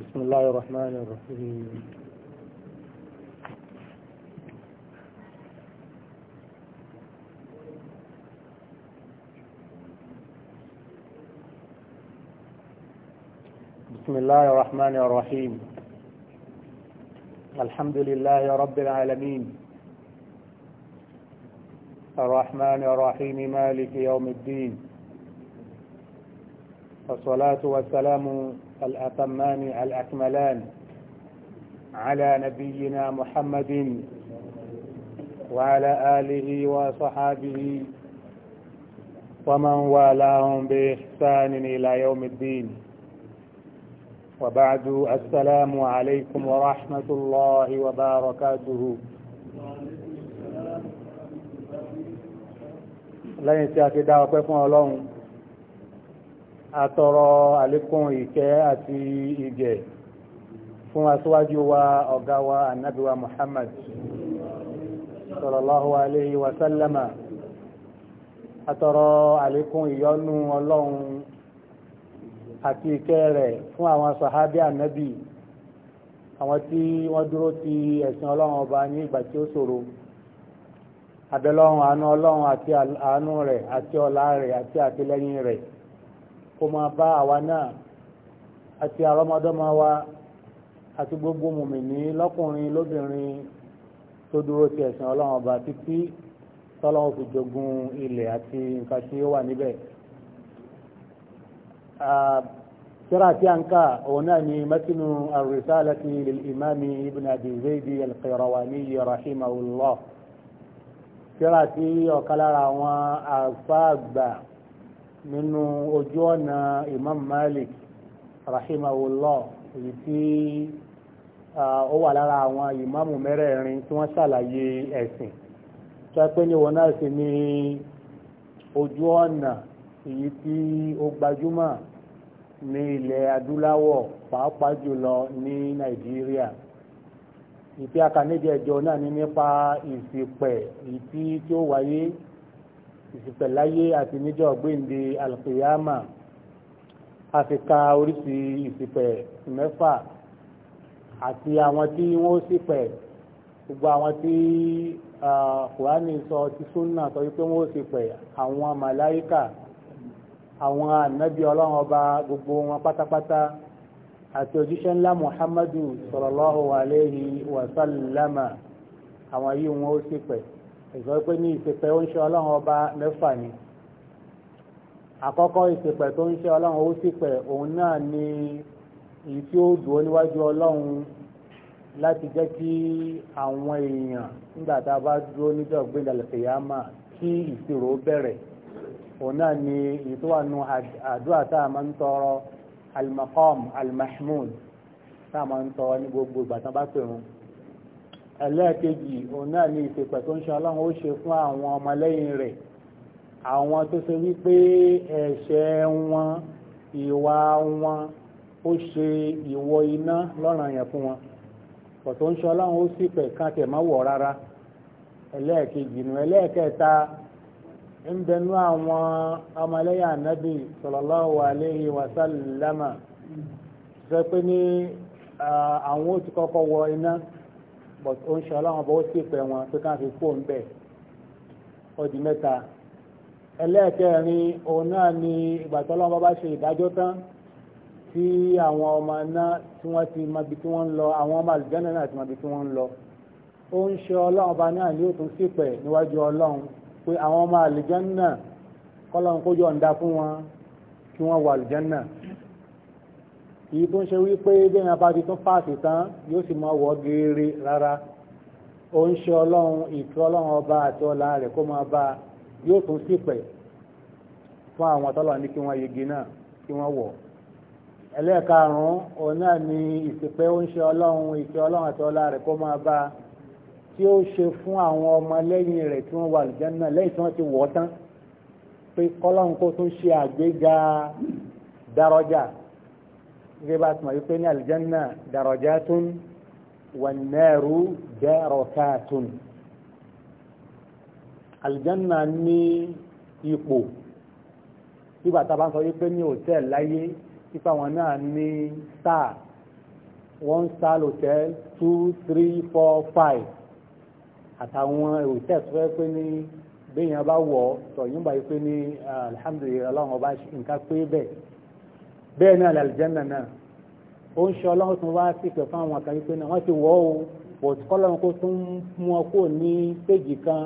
بسم الله الرحمن الرحيم بسم الله الرحمن الرحيم الحمد لله رب العالمين الرحمن الرحيم مالك يوم الدين والصلاة والسلام الأتمان الأكملان على نبينا محمد وعلى آله وصحابه ومن والاهم بإحسان إلى يوم الدين وبعد السلام عليكم ورحمة الله وبركاته لن يتاكد أوقف ولون àtọrọ àlékún ìkẹ́ àti ìgẹ̀ fún aṣíwájú wa ọ̀gá wa ànábì wa Muhammad sallallahu alayhi wa sallama àtọrọ àlékún ìyọ́nú ọlọ́run àti ìkẹ́ rẹ̀ fún àwọn sàhábí ànábì àwọn tí wọ́n dúró ti ẹ̀sìn ọlọ́run ọba ní ìgbà tí ó ṣòro abẹ́lọ́run àánú ọlọ́run àti àánú rẹ̀ àti ọlá rẹ̀ àti àtìlẹ́yìn rẹ̀ kó máa bá àwa náà àti àrọ́mọdọ́mọ wa àti gbogbo mùmìnì lọ́kùnrin lóbìnrin tó dúró ti ẹ̀sìn ọlọ́run ọba títí tọ́lọ́run fi jogun ilẹ̀ àti nǹkan tí ó wà níbẹ̀. tírà tí a ń kà òun náà ni matinu ar-risalati lil ibn abi zaidi al-qayrawani rahimahullah tírà tí ọ̀kan lára àwọn àgbà nínú ojú ọ̀nà Imam Malik rahimahullah èyí tí ó wà lára àwọn ìmáàmù mẹ́rẹ̀ẹ̀rin tí wọ́n ṣàlàyé ẹ̀sìn tó ẹ pé ní wọn náà sì ní ojú ọ̀nà èyí tí ó gbajúmọ̀ ní ilẹ̀ adúláwọ̀ pàápàá jùlọ ní Nàìjíríà ìpí akaníjẹ̀jọ náà ní nípa ìsìpẹ̀ ìtí tí ó wáyé ìṣìpẹ̀láyé àti níjọ́ gbéǹde alùpùyàmà a fi ka oríṣi ìṣìpẹ̀ mẹ́fà àti àwọn tí wọ́n ṣìpẹ̀ gbogbo àwọn tí kùránì sọ ti súnà sọ wípé wọ́n ṣìpẹ̀ àwọn màláíkà àwọn ànábì ọlọ́run ọba gbogbo wọn pátápátá àti òjíṣẹ́ ńlá muhammadu sallallahu alayhi wa sallama àwọn yìí wọ́n ṣìpẹ̀ ìsọ pé ní ìsìpẹ̀ ó ń ṣe ọlọ́run ọba mẹ́fà ni àkọ́kọ́ ìsìpẹ̀ tó ń ṣe ọlọ́run ó sípẹ̀ òun náà ni èyí tí ó dùn ó níwájú ọlọ́run láti jẹ́ kí àwọn èèyàn nígbà tá a bá dúró níjọ́ gbẹ̀dẹ̀ lẹ́sẹ̀yàmà kí ìṣirò bẹ̀rẹ̀ òun náà ni èyí tó wà nù àdúrà tá a máa ń tọrọ al-maqam tá a máa ń tọrọ ní gbogbo ìgbà tán bá pè wọn. ẹlẹ́ẹ̀kejì òun náà ní ìṣèpẹ̀ tó ń ṣe ọlọ́run ó ṣe fún àwọn ọmọlẹ́yìn rẹ̀ àwọn tó ṣe wípé ẹ̀ṣẹ̀ wọn ìwà wọn ó ṣe ìwọ iná lọ́ràn yẹn fún wọn pọ̀ tó ń ṣe ọlọ́run ó sì pẹ̀ kan tẹ̀ mọ́wọ̀ rárá ẹlẹ́ẹ̀kejì nù ẹlẹ́ẹ̀kẹta ń bẹnu àwọn ọmọlẹ́yìn ànábì sallallahu alayhi wa sallama sọ pé ní àwọn ó ti kọ́kọ́ iná but ó ń ṣe ọlọ́run bó sì pẹ́ wọn pé ká fi fóun bẹ̀ ó di mẹ́ta òun náà ni ìgbà tí ọlọ́run bá ṣe ìdájọ́ tán tí àwọn ọmọ náà tí wọ́n ti mọ ibi tí wọ́n ń lọ àwọn ọmọ àlùjànnà náà ti mọ ibi tí wọ́n ń lọ ó ń ṣe ọlọ́run bá náà ní òtún sì pẹ̀ níwájú ọlọ́run pé àwọn ọmọ àlùjànnà kọ́lọ́run kó yọ̀ǹda fún wọn kí wọ́n wà àlùjànnà náà èyí tó ń ṣe wípé bẹ́ẹ̀ bá ti tún páàsì tán yóò sì máa wọ́ geere rárá ó ń ṣe ọlọ́run ìtú ọlọ́run ọba àti ọlá rẹ̀ kó máa bá yóò tún sípẹ̀ fún àwọn tọ́lọ̀ ní kí wọ́n yege náà kí wọ́n wọ̀ ẹlẹ́ẹ̀karùn-ún òun náà ni ìsìpẹ́ ó ń ṣe ọlọ́run ìtú ọlọ́run àti ọlá rẹ̀ kó máa bá tí ó ṣe fún àwọn ọmọ lẹ́yìn rẹ̀ tí wọ́n wà lùjánná lẹ́yìn tí wọ́n ti wọ̀ tán pé kọ́lọ́run kó tún ṣe àgbéga dárọ́jà gẹ́gẹ́ bá a ti mọ̀ wípé ní aljanna darajatun wan naru darakatun aljanna ní ipò nígbà tá a bá ń sọ wípé ní hòtẹ́ẹ̀lì láyé nípa wọn náà ní sáà one star hotel two three four five àtàwọn hòtẹ́ẹ̀lì tó fẹ́ pé ní béèyàn bá wọ̀ ọ́ tọ̀yìn bá yí pé ní ah, alhamdulilayi ọlọ́run ọba nǹkan pé bẹ́ẹ̀ bẹ́ẹ̀ náà làlìjẹ́nà náà ó ń ṣe ọlọ́run tó wá sí ìpẹ́ fún àwọn àkàrí pé náà wọ́n ti wọ́ o pọ̀ tí kọ́lọ́run kó tún mú ọ kó ní péjì kan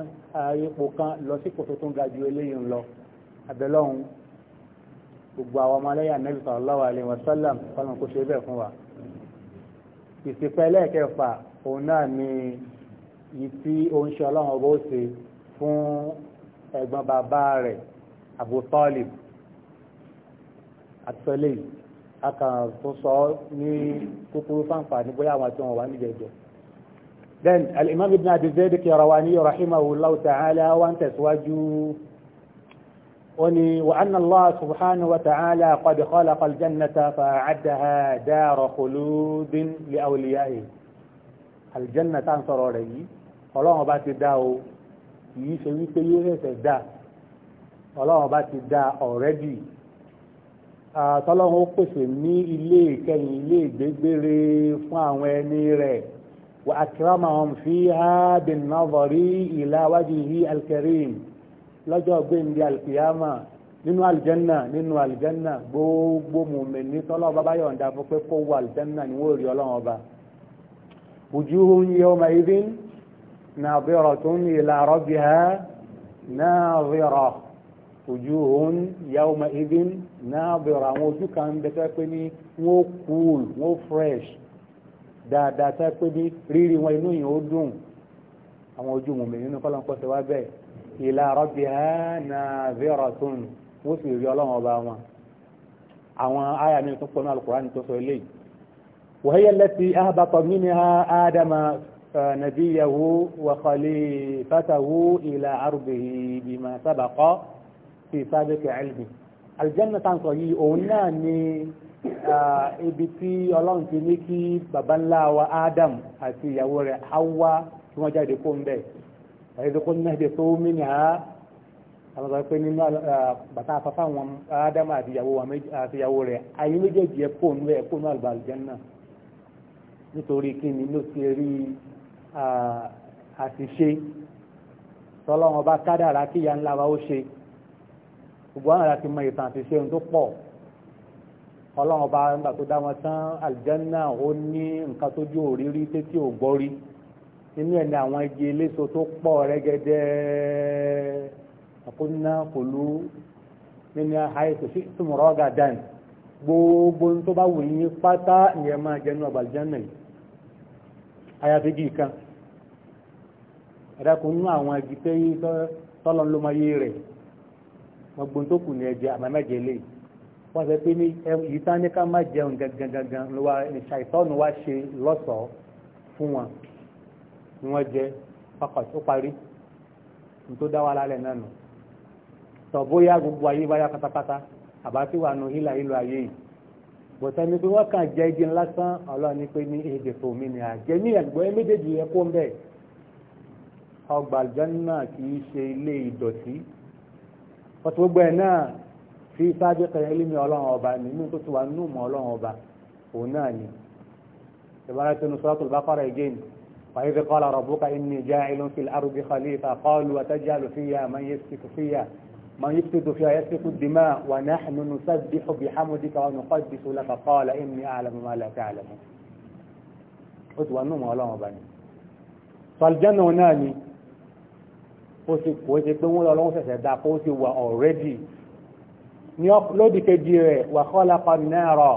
ipò kan lọ sí kòtò tó ń ga ju eléyìí ń lọ abẹ́lọ́run gbogbo àwọn ọmọlẹ́yà nẹ́bí sallallahu alaihi wasallam kọ́lọ́run kó ṣe bẹ́ẹ̀ fún wa ìsìnkẹ́ ẹlẹ́ẹ̀kẹfà òun náà ni yìí tí ó ń ṣe ọlọ́run ọba ó ṣe fún ẹ̀gbọ́n bàbá rẹ̀ Abu Talib àtúnṣọlẹ yìí a kàn tó sọ ní kúkúrú fáǹfà ní bóyá àwọn àti wọn wà níbi ẹjọ. then al-imam ibn abi zayd al-Qayrawani rahimahullahu ta'ala wa ń tẹ̀síwájú ó ní wa anna allah subhanahu wa ta'ala qad khalaqa al-jannata fa'addaha dara khuludin li awliya'i aljanna tá à ń sọ̀rọ̀ rẹ̀ yìí ọlọ́run ti dá o yìí ṣe wípé yóò ṣẹ̀ṣẹ̀ dá ọlọ́run ọba ti dá already àtọ́lọ́run ó pèsè ní ilé ìkẹyìn ilé ìgbégbére fún àwọn ẹni rẹ̀ wà akramahum fiha bin nadhari ila wajhihi alkarim lọ́jọ́ gbéǹde alkiyama nínú aljanna nínú aljanna gbogbo mùmìnì tọ́lọ́ bàbá yọ̀ǹda fún pé kó wà aljanna ni wọ́n rí ọlọ́run ọba wujuhun yawma idhin nadhiratun ila rabbiha nadhira ojú òun yawma idhin náà bẹ̀rọ àwọn ojú kan ń bẹ tẹ́ pé ní wọ́n cool wọ́n fresh dáadáa tẹ́ pé ní rírí wọn inú yìí ó dùn àwọn ojú mùmí nínú kọ́lọ́nkọ́ ti wá bẹ́ẹ̀ ila rabbiha nadhiratun wọ́n sì rí ọlọ́run ọba wọn àwọn àyà mi tó pọnú alukurani tó sọ eléyìí wàhíyà lẹ́tì ahbata minha ádámà eh, nàbíyàwó wa khalifatahu ila ardihi bima sabaqa fi sábẹ́kẹ̀ ẹ̀lìmì aljanna tá ń sọ yìí òun náà ni ibi tí ọlọ́run ti ní kí baba ńlá wa adam àti ìyàwó rẹ̀ hawa tí wọ́n jáde kó ń bẹ̀ ẹ̀ẹ́dẹ́kọ́ náà dẹ̀ tó mí ní àá àwọn sọ pé nínú bàtà afáfá wọn adam àti ìyàwó rẹ̀ ayé méjèèjì ẹ̀ pò nú ẹ̀ pò nú àlùbà aljanna nítorí kí ni ló ti rí àṣìṣe tọ́lọ́run ọba kádàrá kíyà ńlá wa ó ṣe gbogbo àwọn ará ti mọ ìtàn àti ṣe ohun tó pọ̀ ọlọ́run ọba nígbà tó dá wọn tán àlìjẹ́nà ó ní nǹkan tójú òrírí tétí ò gbọ́ rí nínú ẹ̀ ní àwọn igi eléso tó pọ̀ rẹ́gẹ́dẹ́ àkóná kòlú nínú àìsàn sí ìtumọ̀rọ̀ ọ̀gá dání gbogbo tó bá wù yín pátá ìyẹn máa jẹnu ọgbà àlìjẹ́nà yìí àyàfi igi kan ẹ̀dá kò nínú àwọn igi tẹ́yí tọ́lọ́ ló máa yé rẹ̀ gbogbo tó kù ní ẹjẹ àmà mẹjẹ lè wọn sọ pé ní èyí tán ní ká má jẹun gangan gangan ló wá ṣàìtọ́nù wá ṣe lọ́sọ̀ọ́ fún wọn ni wọ́n jẹ ọkọ̀ parí nítorí dá wa lálẹ́ náà nù tọ̀ gbogbo ayé bá yá pátápátá àbá wà nù hílà hílò ayé yìí bọ̀tẹ́ ni pé wọ́n kàn jẹ́ igi lásán ọlọ́run ni pé ní èdè fòmí ni àjẹ́ ní ẹ̀gbọ́n méjèèjì ẹ̀kọ́ ń bẹ̀ ọgbà àlùjánnà kì í ṣe ilé ìdọ̀tí pọ̀tù gbogbo ẹ̀ náà fi sáájú kan ilimi ọlọ́run ọba nínú tó ti wà nínú mọ̀ ọlọ́run ọba òun náà ni ìbára tó nu suratul Baqara again وإذ قال ربك إني جاعل في الأرض خليفة قالوا وتجعل فيها من يسفك فيها من يفسد فيها يسفك الدماء ونحن نسبح بحمدك ونقدس لك قال إني أعلم ما لا تعلم قلت وأنهم ولا مبني فالجنة ناني ó ti kò ó ṣe pé wọ́n lọ lọ́wọ́ ṣẹ̀ṣẹ̀ dá kó ó ti wà already ní lódì kejì rẹ̀ wà khalaqa an-nara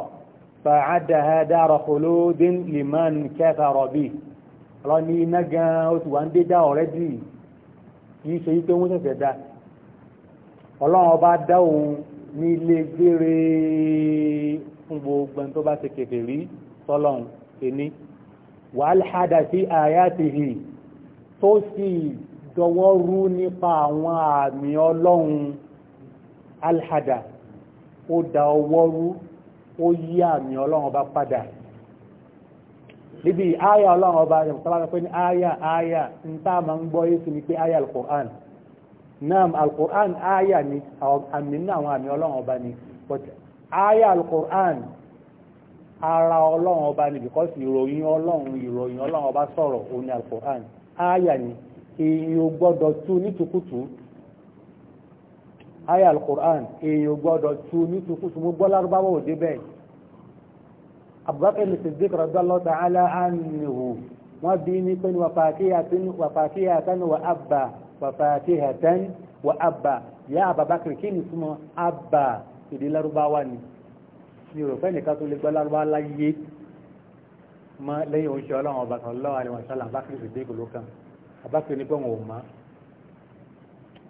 fa'addaha dara khuludin liman kafara bi ọ̀rọ̀ ní iná gan ó ti wà ń déjà already kì í ṣe yí pé wọ́n ṣẹ̀ṣẹ̀ dá ọlọ́run ọba dá ní ilé gbére fún gbogbo tó bá ti kèfè rí sọ́lọ́run ẹni wàhálà hádà sí àyàtìhì tó sì dọwọ́ nípa àwọn àmì ọlọ́run alhada ó da ọwọ́ ó yí àmì ọlọ́run ọba padà níbi àyà ọlọ́run ọba ìpàlára pé ní àyà àyà ń tá a ń gbọ́ yéṣu ni pé àyà al ni àmì ní àwọn àmì ọlọ́run ọba ni but àyà ọba ni because ìròyìn ọlọ́run ìròyìn ọlọ́run ọba sọ̀rọ̀ òun al àyà ni èyí ò gbọ́dọ̀ tú nítùkùtù aya al-Qur'an èyí ò gbọ́dọ̀ tú nítùkùtù mú gbọ́ lárúbáwọ̀ òde bẹ́ẹ̀ Abubakar Siddiq radiyallahu ta'ala anhu wọ́n bí ní pé ní wàfàkíyàtán wà ábà wàfàkíyàtán wà ábà yá àbàbákìrì kí ní súnmọ́ ábà ìdí lárúbáwá ni ní òròfẹ́ nìkan tó lè gbọ́ lárúbá láyé lẹ́yìn oúnjẹ ọlọ́run ọba kan lọ́wọ́ àríwọ̀n sálà bákìrì sí abákiri ní pé wọn ò mọ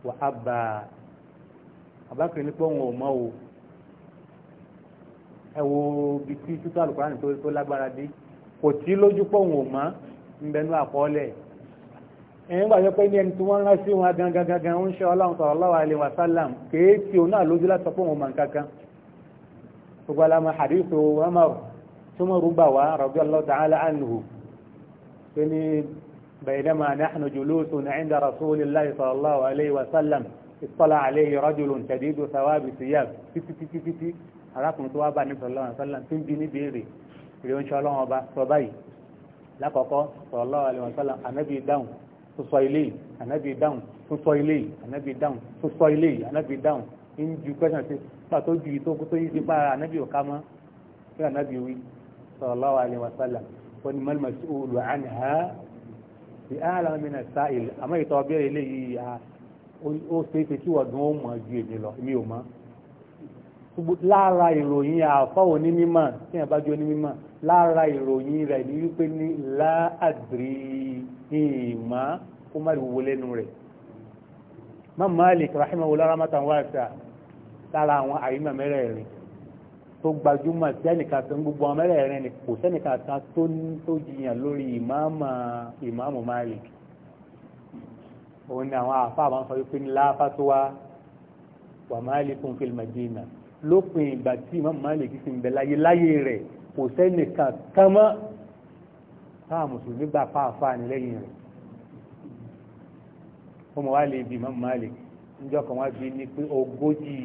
wà á bà á abákiri ní pé wọn ò mọ o ẹ wo bí tí títọ́ àlùkòrán ní tó lágbára dé kò tí lójú pé wọn ò mọ nbẹnu àkọọ́lẹ̀ ẹ̀yìn gbàgbé pé ní ẹni tí wọ́n rán sí wọn gangan ń ṣe ọlọ́run sallallahu alaihi wasallam kéèkì òun náà lójú láti sọ pé òun mọ̀ nǹkan gbogbo alamọ hadithu Umar tó mọ̀ rúgbà wá radiyallahu ta'ala pé ní بينما نحن جلوس عند رسول الله صلى الله عليه وسلم اطلع عليه رجل شديد ثواب ثياب arákùnrin tó wá bá nípa ọlọ́run sọ́lá tí ń bi ní béèrè rí oúnjẹ ọlọ́run ọba sọ báyìí lákọ̀ọ́kọ́ sallallahu alaihi wasallam ànábì dáhùn tó sọ ilé yìí ànábì dáhùn tó sọ ilé yìí ànábì dáhùn tó sọ ilé yìí ànábì dáhùn ń ju kẹ́sàn sí pa tó ju ìtókù tó yí sí pa ara ànábì òká mọ́ kí ànábì wí sallallahu alaihi wasallam ó ní mal mas'ulu anha bí ààlà mìíràn sáìl àmọ́ ìtọ́ abẹ́rẹ́ eléyìí ó ṣe é ṣe kí wọ́n gan ó mọ̀ ju èmi lọ mi ò mọ̀ lára ìròyìn àfáwò ní mímọ̀ tí wọ́n bá jó ní mímọ̀ lára ìròyìn rẹ̀ ní wípé ní láàdìrí ìmọ̀ ó má wò lẹ́nu rẹ̀ má Malik rahimahullah rahmatan wasi'a lára àwọn àyímọ̀ mẹ́rẹ̀ẹ̀rin tó gbajúmọ̀ tí ẹnìkan tó ń gbogbo ọmọ ẹlẹ́rìn ni kò sẹ́nìkan kan tó tó jiyàn lórí ìmáàmà ìmáàmù Malik òun ni àwọn àfáà máa ń sọ wípé ní láfàtúwá wà Malikun fil Madina lópin ìgbà tí ìmáàmù Malik sì ń bẹ láyé láyé rẹ̀ kò sẹ́nìkan kan mọ́ táà mùsùlùmí gbà fáàfáà ní lẹ́yìn rẹ̀ ó mọ̀ wá lè bí ìmáàmù Malik níjọ́ kan wá bí ní pé ogójì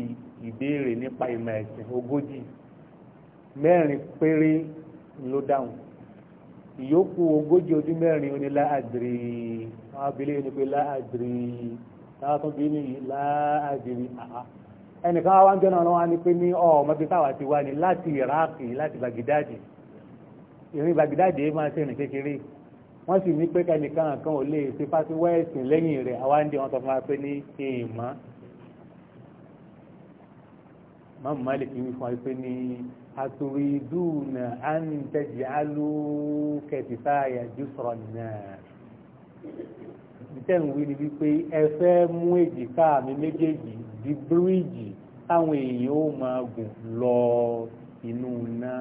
ìbéèrè nípa ìmọ̀ ẹ̀sìn ogójì mẹ́rin péré ló dáhùn ìyókù ogójì ọdún mẹ́rin ó ní láàdìrí àwọn abilé ní pé láàdìrí táwọn tó bí ní láàdìrí àá ẹnìkan wá ń jẹ́ náà wá ní pé ní ọmọdé táwà ti wá ní láti ìráàkì láti bàgídáàdì ìrìn bàgídáàdì máa ṣe ìrìn kékeré wọ́n sì ní pé kẹ́nìkan kan ò lè ṣe fásiwẹ́ẹ̀sì lẹ́yìn rẹ̀ àwa ń dé wọn sọ fún wa pé ní èèmọ́ máàmù máàlì kì í fún wa pé ní أتريدون أن تجعلوا كفاية جسر النار. ìtẹ́rùn wí ni wípé ẹ fẹ́ mú èjìká mi méjèèjì di bíríìjì táwọn èèyàn ó máa gùn lọ inú iná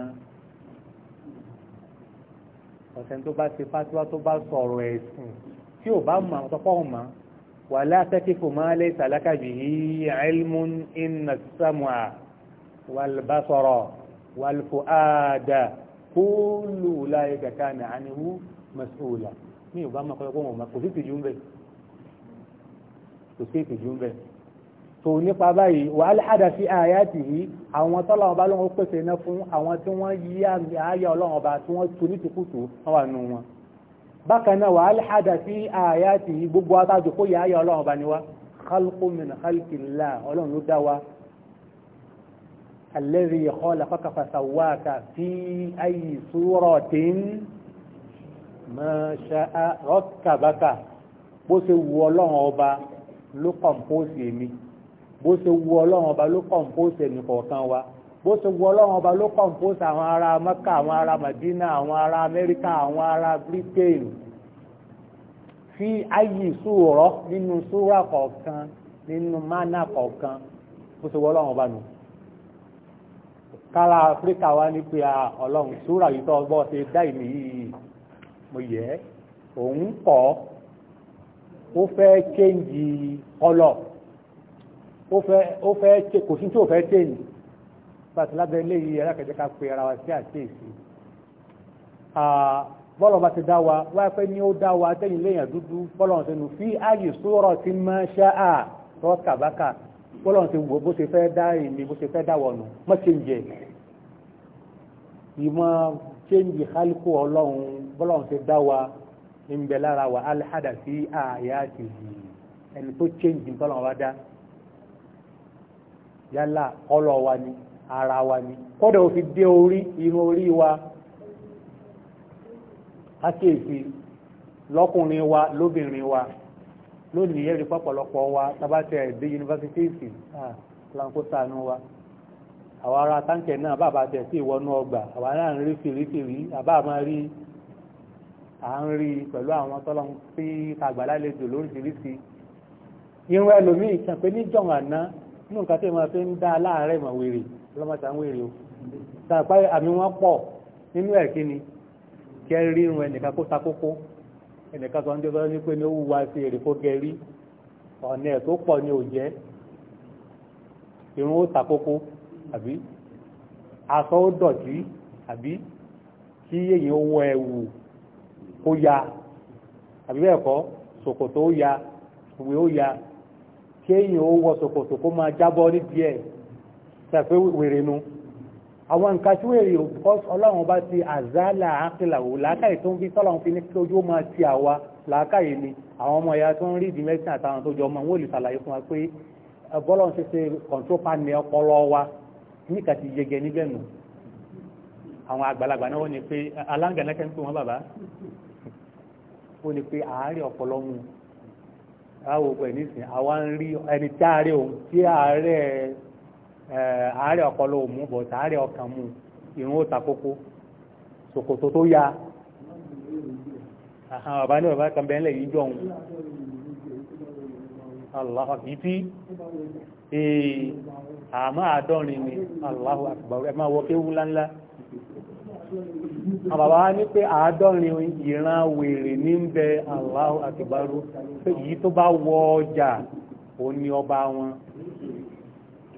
ọ̀sẹ̀ tó bá ṣe fásiwá tó bá sọ̀rọ̀ ẹ̀sìn tí ò bá mọ àwọn tọ́pọ̀ wà látẹ́kẹ́ kò máa lẹ́sà lákàbí ilmun inna as-sam'a wal wàlùfọ́àdà kúlù láyé kàkà nà ánihu mas'ula ní ìbá máa kọ́ ẹ̀kọ́ wọn kò sí ìtìjú ń bẹ̀ kò sí ìtìjú ń bẹ̀ tó nípa báyìí wàhálà àdá sí ayatihi àwọn tọ́lá ọba lọ́wọ́ pèsè iná fún àwọn tí wọ́n yí àyà ọlọ́run ọba tí wọ́n tu ní tìkùtù wọ́n wà nù wọn bákan náà wàhálà àdá sí ayatihi gbogbo atájò kó yẹ àyà ọlọ́run ọba ni wá khalqu min khalqillah ọlọ́run ló dá wa الذي خلقك فسواك في أي صورة ما شاء ركبك bó ṣe wu ọlọ́run ọba ló kọ̀m̀póòsì èmi bó ṣe wu ọlọ́run ọba ló kọ̀m̀póòsì ẹnì kọ̀ọ̀kan wa bó ṣe wu ọlọ́run ọba ló kọ̀m̀póòsì àwọn ará Mẹ́kà àwọn ará Madina àwọn ará Amẹ́ríkà àwọn ará Britain fi ayé sùúrọ́ nínú súrà kọ̀ọ̀kan nínú mánà kọ̀ọ̀kan bó ṣe wu ọlọ́run ọba nù kára áfíríkà wá ní pé ah, ọlọ́run súrà yìí tó ọgbọ́ ṣe dá ìmì yìí mo yẹ òun kọ́ ó fẹ́ kéǹjì ọlọ́ ó fẹ́ kò sí tí ò fẹ́ kéǹjì pàtàkì lábẹ́ ilé yìí alákẹ̀jẹ́ ká pe ara wa sí àkíyèsí bọ́lọ̀ bá ti dá wa wáyé pé ní ó dá wa tẹ́yìn léèyàn dúdú bọ́lọ̀ ṣe nù fí ààyè sóòrọ̀ ti máa ṣáà rọ́kàbákà bọ́lọ̀ ti wò bó ṣe fẹ́ dá èmi bó ṣe fẹ́ dá wọ̀nù mọ́ ṣe ń jẹ ìmọ̀ ṣe ń jì kálíkù ọlọ́run bọ́lọ̀ ṣe dá wa ń bẹ lára wa alhada sí àyà ti yìí ẹni tó ṣe ń jì tọ́lọ̀ wa dá yálà ọlọ́ wa ni ara wa ni kọ́dà ó fi dé orí irun orí wa á kéèké lọ́kùnrin wa lóbìnrin wa lónìí ẹ̀rí pọ̀pọ̀lọpọ̀ wa tabatẹ̀ ẹ̀dẹ́ yunifásitì lanko sànú wa àwọn ará táǹkẹ̀ náà bàbá tẹ̀ sí ìwọnú ọgbà àwọn náà ń rí fìrífìrí àbá máa rí à ń rí pẹ̀lú àwọn tọ́lọ́ sí àgbàlálejò lóríṣiríṣi irun ẹlòmíì kàn pé níjọ̀n àná inú nǹkan tí wọ́n fi ń dá láàárẹ̀ mọ̀ wèrè lọ́mọta ń wèrè o sàpá àmì wọn pọ̀ nínú ẹ̀kíni kẹrí irun ẹnìkan kó ta ẹnìkan sọ ń dẹ́sọ́ ní pé ní ó wúwa sí èrè kó gẹrí ọ̀nà ẹ̀ tó pọ̀ ní òjẹ́ irun ó takókó àbí aṣọ ó dọ̀tí àbí kí èyàn wọ ẹ̀wù kó ya àbí bẹ́ẹ̀ kọ́ ṣòkòtò ó ya ìwé ó ya kí èyàn ó wọ ṣòkòtò kó máa jábọ́ nídìí ẹ̀ tẹ̀fẹ́ wèrè nu àwọn nǹkan tí wèrè o because ọlọ́run bá ti àzálà ákìlàwò làákàyè tó ń bí tọ́lọ́run fi ní kí ojú ó ti àwa làákàyè ni àwọn ọmọ ìyá tó ń rí ìdí àtàwọn tó jọ ọmọ wọn ò lè ṣàlàyé fún wa pé bọ́lọ́run ṣe ṣe control panel ọpọlọ wa níkà ti yege níbẹ̀ nù àwọn àgbàlagbà náà wọ́n ni pé aláǹgànlẹ́kẹ́ ń pè wọ́n bàbá ó ní pé àárẹ̀ ọpọlọ mu àwọn òpó ẹ̀ nísìn àwọn ń rí ẹni tí àárẹ̀ òun tí àárẹ̀ Eh, àárẹ̀ ọpọlọ òmù bọ̀ àárẹ̀ ọkàn mu ìrún ó takókó ṣòkòtò tó ya bàbá ní bàbá kan bẹ́ẹ̀lẹ̀ yìí jọ ohun Allahu akbar tí eh, àmọ́ àádọ́rin ni Allahu akbar ẹ máa wọ kéwú ńláńlá àbàbá ní pé àádọ́rin ìran wèrè ní ń bẹ Allahu akbar pé yìí tó bá wọ ọjà òun ni ọba wọn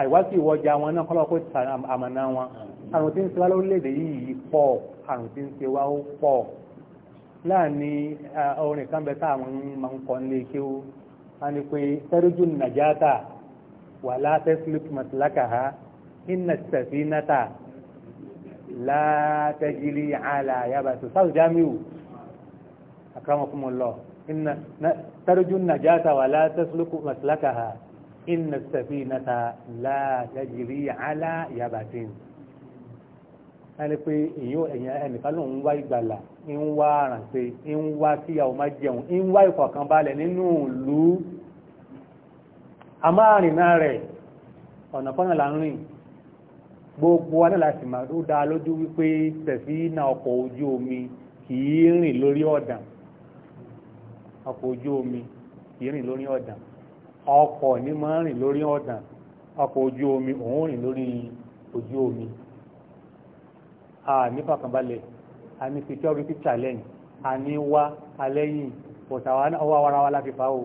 àìwá sí ìwọjà wọn náà kọ́lọ́ kó àmàna wọn àrùn tí ń ṣe wá lórílẹ̀-èdè yìí pọ̀ àrùn tí ń ṣe wá ó pọ̀ láàrin orin kan bẹ táwọn máa ń kọ́ nílé kí ó a ní pé sẹ́rújú nàjáàtà wà látẹ́ slip matlaka ha iná tẹ̀sí náta látẹ́jìlì ha inna as-safinata la tajri ala yabatin ẹni pé èyí ẹ̀yìn ẹnìkan ló ń wá ìgbàlà ń wá àrànṣe ń wá kíyàwó má jẹun ń wá ìfọ̀kànbalẹ̀ nínú ìlú amáàrìnà rẹ̀ ọ̀nà kan náà là ń rìn gbogbo wa náà láti máa ó dá lójú wípé sẹ̀fínà ọkọ̀ ọkọ̀ ojú omi kì í rìn lórí ọ̀dàn ọkọ̀ ní máa ń rìn lórí ọ̀dàn ọkọ̀ ojú omi òun rìn lórí ojú omi a ní fàkànbalẹ̀ a ní security challenge a ní wá alẹ́yìn pọ̀tàwà ọwọ́ ara wa láti fa o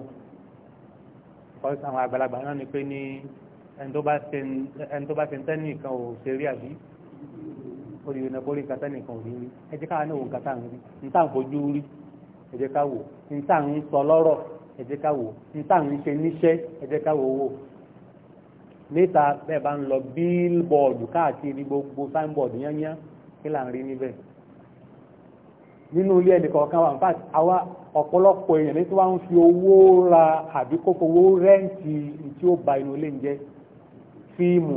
ọ̀sán àwọn àgbàlagbà náà ni pé ní ẹni tó bá ṣe ń tẹ́ nìkan ò ṣe rí àbí oríire náà bórí nǹkan tẹ́nìkan ò rí rí ẹ jẹ́ ká náà wò nǹkan tá à ń rí nǹkan fojú rí ẹ jẹ́ ká nǹkan ń sọ lọ́rọ̀ ẹ jẹ́ ká wò níta ń ṣe níṣẹ́ ẹ jẹ́ ká wò wò níta bẹ́ẹ̀ bá ń lọ bílbọ̀ọ̀dù káàkiri gbogbo sáìnbọ̀ọ̀dù yányán kí là ń rí níbẹ̀ nínú ilé ẹnìkọ̀ọ̀kan wà nípa àwa ọ̀pọ̀lọpọ̀ èèyàn ní tí wọ́n ń fi owó ra àbí kókó owó rẹ́ǹtì tí ó ba inú ilé ń jẹ́ fíìmù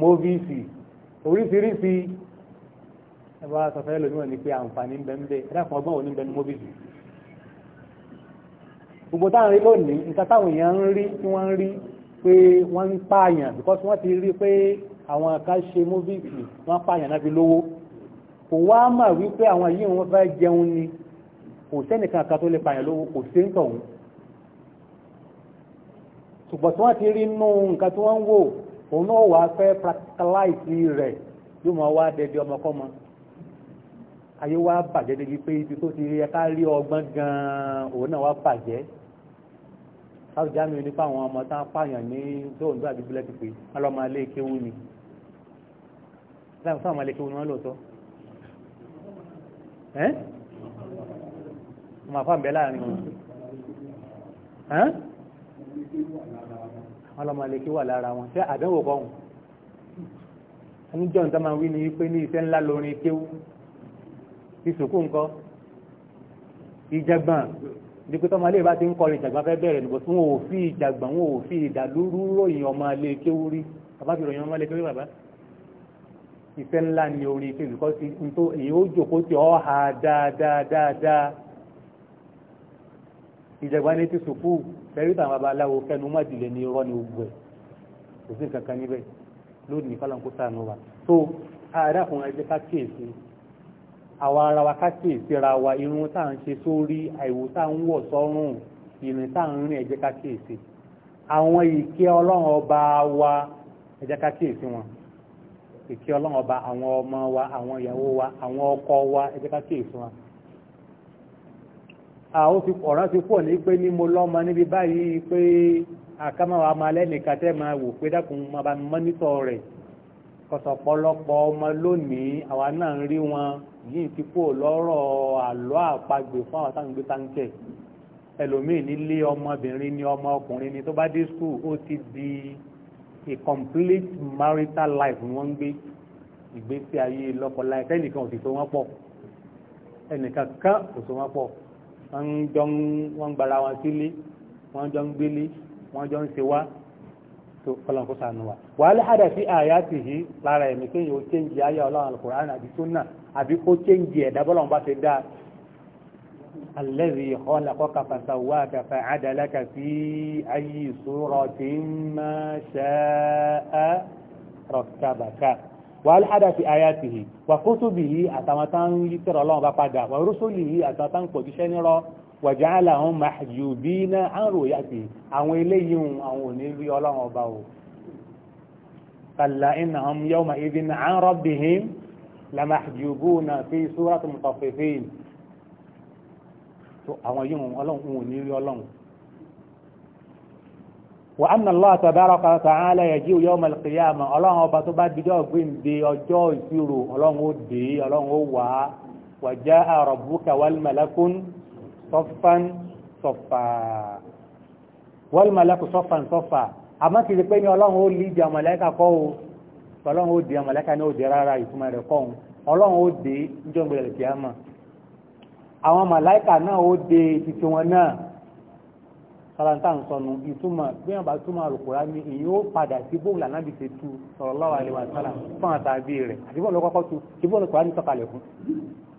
móvíìsì oríṣiríṣi ẹ bá sọ fẹ́ lónìí wọ̀ ní pé àǹfààní ń bẹ ń bẹ ẹ dákun ọgbọ́n òní ń bẹ ní móvíìsì gbogbo táwọn rí lónìí nǹkan táwọn èèyàn ń rí tí wọ́n ń rí pé wọ́n ń pààyàn because wọ́n ti rí pé àwọn kan ṣe móvìsì wọ́n pààyàn náà fi lówó kò wá mà wípé àwọn yìí wọ́n fẹ́ jẹun ni kò sẹ́nìkan kan tó lè pààyàn lówó kò sí ń tọ̀hún ṣùgbọ́n tí wọ́n ti rí nú nǹkan tí wọ́n ń wò òun náà wà fẹ́ practicalize rẹ̀ yóò máa wá dẹbi ọmọkọ́mọ ayé wa bàjẹ́ débi pé ibi tó ti rí ẹ̀ka rí ọgbọ́n gan-an òun náà wá bàjẹ́ láti jáde nípa àwọn ọmọ tá a pààyàn ní dóòndó àdúgbò ti pé ọlọ́mọ alẹ́ kéwú ni láti fún àwọn alẹ́ kéwú ni wọ́n lóòótọ́ ẹ́ ọmọ àfáà ń bẹ láàrin wọn ẹ́ ọlọ́mọ alẹ́ kéwú wà lára wọn ṣé àdánwò kọ́hùn oníjọ́ nǹkan máa wí ni pé ní iṣẹ́ ńlá lórin kéwú ìsòkú nǹkan ìjàgbọ́n dípítọ́ ọmọ ilé ìbá ti ń kọrin ìjàgbá fẹ́ bẹ̀rẹ̀ nìbọ̀ tí wọn ò fi ìjàgbá wọn ò fi ìdàlúrú ròyìn ọmọ ilé kéwú rí bàbá fi ròyìn ọmọ ilé kéwú bàbá iṣẹ́ ńlá ni orí ike olùkọ́ sí nítorí èyí ó jòkó tí ọ ha dáadáadáa ìjàgbá ní ti sùkú fẹ́rí tàwọn babaláwo kẹnu mọ́jìlẹ̀ ní irọ́ ni ogun ẹ̀ kò sí nǹkan kan níbẹ̀ lónìí kọ́lọ́n sànù wa tó àwa ara wa kákìí ra wa irun tá à ń ṣe sórí àìwò tá à ń wọ̀ sọ́rùn ìrìn tá ń rìn ẹ jẹ́ sí àwọn ìkẹ́ ọlọ́run ọba wa ẹ jẹ́ kákìí sí wọn ìkẹ́ ọlọ́run ọba àwọn ọmọ wa àwọn ìyàwó wa àwọn ọkọ wa ẹ jẹ́ kákìí sí wọn àwọn fi ọ̀rán ti pọ̀ ní pé ní mo lọ́mọ níbi báyìí pé àkámáwá máa lẹ́nìkan tẹ́ máa wò pé dákun máa bá mọ́nítọ̀ rẹ̀ kọ̀sọ̀pọ̀lọpọ̀ ọmọ lónìí àwa náà ń rí wọn yìí ti kó lọ́rọ̀ àlọ́ àpagbè fún àwọn táwọn gbé táǹkẹ̀ ẹlòmíì nílé ọmọbìnrin ni ọmọ ọkùnrin ni tó bá dé skul ó ti di a complete marital life ni wọ́n ń gbé ìgbésí ayé lọ́kọláya tẹ́nìkan ò sì so wọ́n pọ̀ ẹnìkan kan kò so wọ́n pọ̀ wọ́n jọ ń gbara wọn sílé wọ́n jọ ń gbélé wọ́n jọ ń ṣe wá tó ọlọ́run kó sànù wa wàhálà hàdà sí àyà tì í lára ẹ̀mí pé yóò chẹ́ǹjì ayé ọlọ́run alukur'an àbí sunna àbí kó chẹ́ǹjì ẹ̀dá bọ́lọ̀ bá ti dáa alẹ́rì ọlọ́kọ́ka fàṣàwọ́ àkàfà àdàlákà sí ayé ìṣòro tí máa ṣe é rọ̀kàbàkà wàhálà hàdà sí àyà tì í wà kótóbì yìí àtàwọn táwọn yìí tẹ̀rọ ọlọ́run bá padà wà rúṣọ́lì wàjáàlà àwọn màjùbí náà àròyà pé àwọn eléyìí àwọn òní rí ọlọ́run ọba o kàlà iná àwọn yawma idhin an rabbihim la mahjubuna fi surati mutaffifin tó àwọn yìí ọlọ́run òní rí ọlọ́run wa anna Allah tabaraka wa ta'ala yaji'u yawma al-qiyamah ọlọ́run ọba tó bá dijọ́ gbìndé ọjọ́ ìṣirò ọlọ́run ó dé ọlọ́run ó wà wa ja'a rabbuka wal malakun sọ́fàn sọ́fà wal malaku sọ́fàn sọ́fà àmọ́ kì í ṣe pé ní ọlọ́run ó lé ìdí àwọn màláíkà kọ́ o ọlọ́run ó di àwọn màláíkà ní òde rárá ìtumọ̀ rẹ̀ kọ́ òun ọlọ́run ó dé níjọ́gbẹ̀rẹ̀ kìámà àwọn màláíkà náà ó dé títí wọn náà sàrántà ń sọnù ìtumọ̀ bí wọn bá túmọ̀ àlùkùrá ní ìyẹn ó padà sí bóun lànà bí ṣe tu sallallahu alaihi wasallam fún àtàbí rẹ̀ àti bóun lọ́kọ́kọ́ tu kí bóun lọ́kọ́kọ́ ní sọ̀kalẹ̀ fún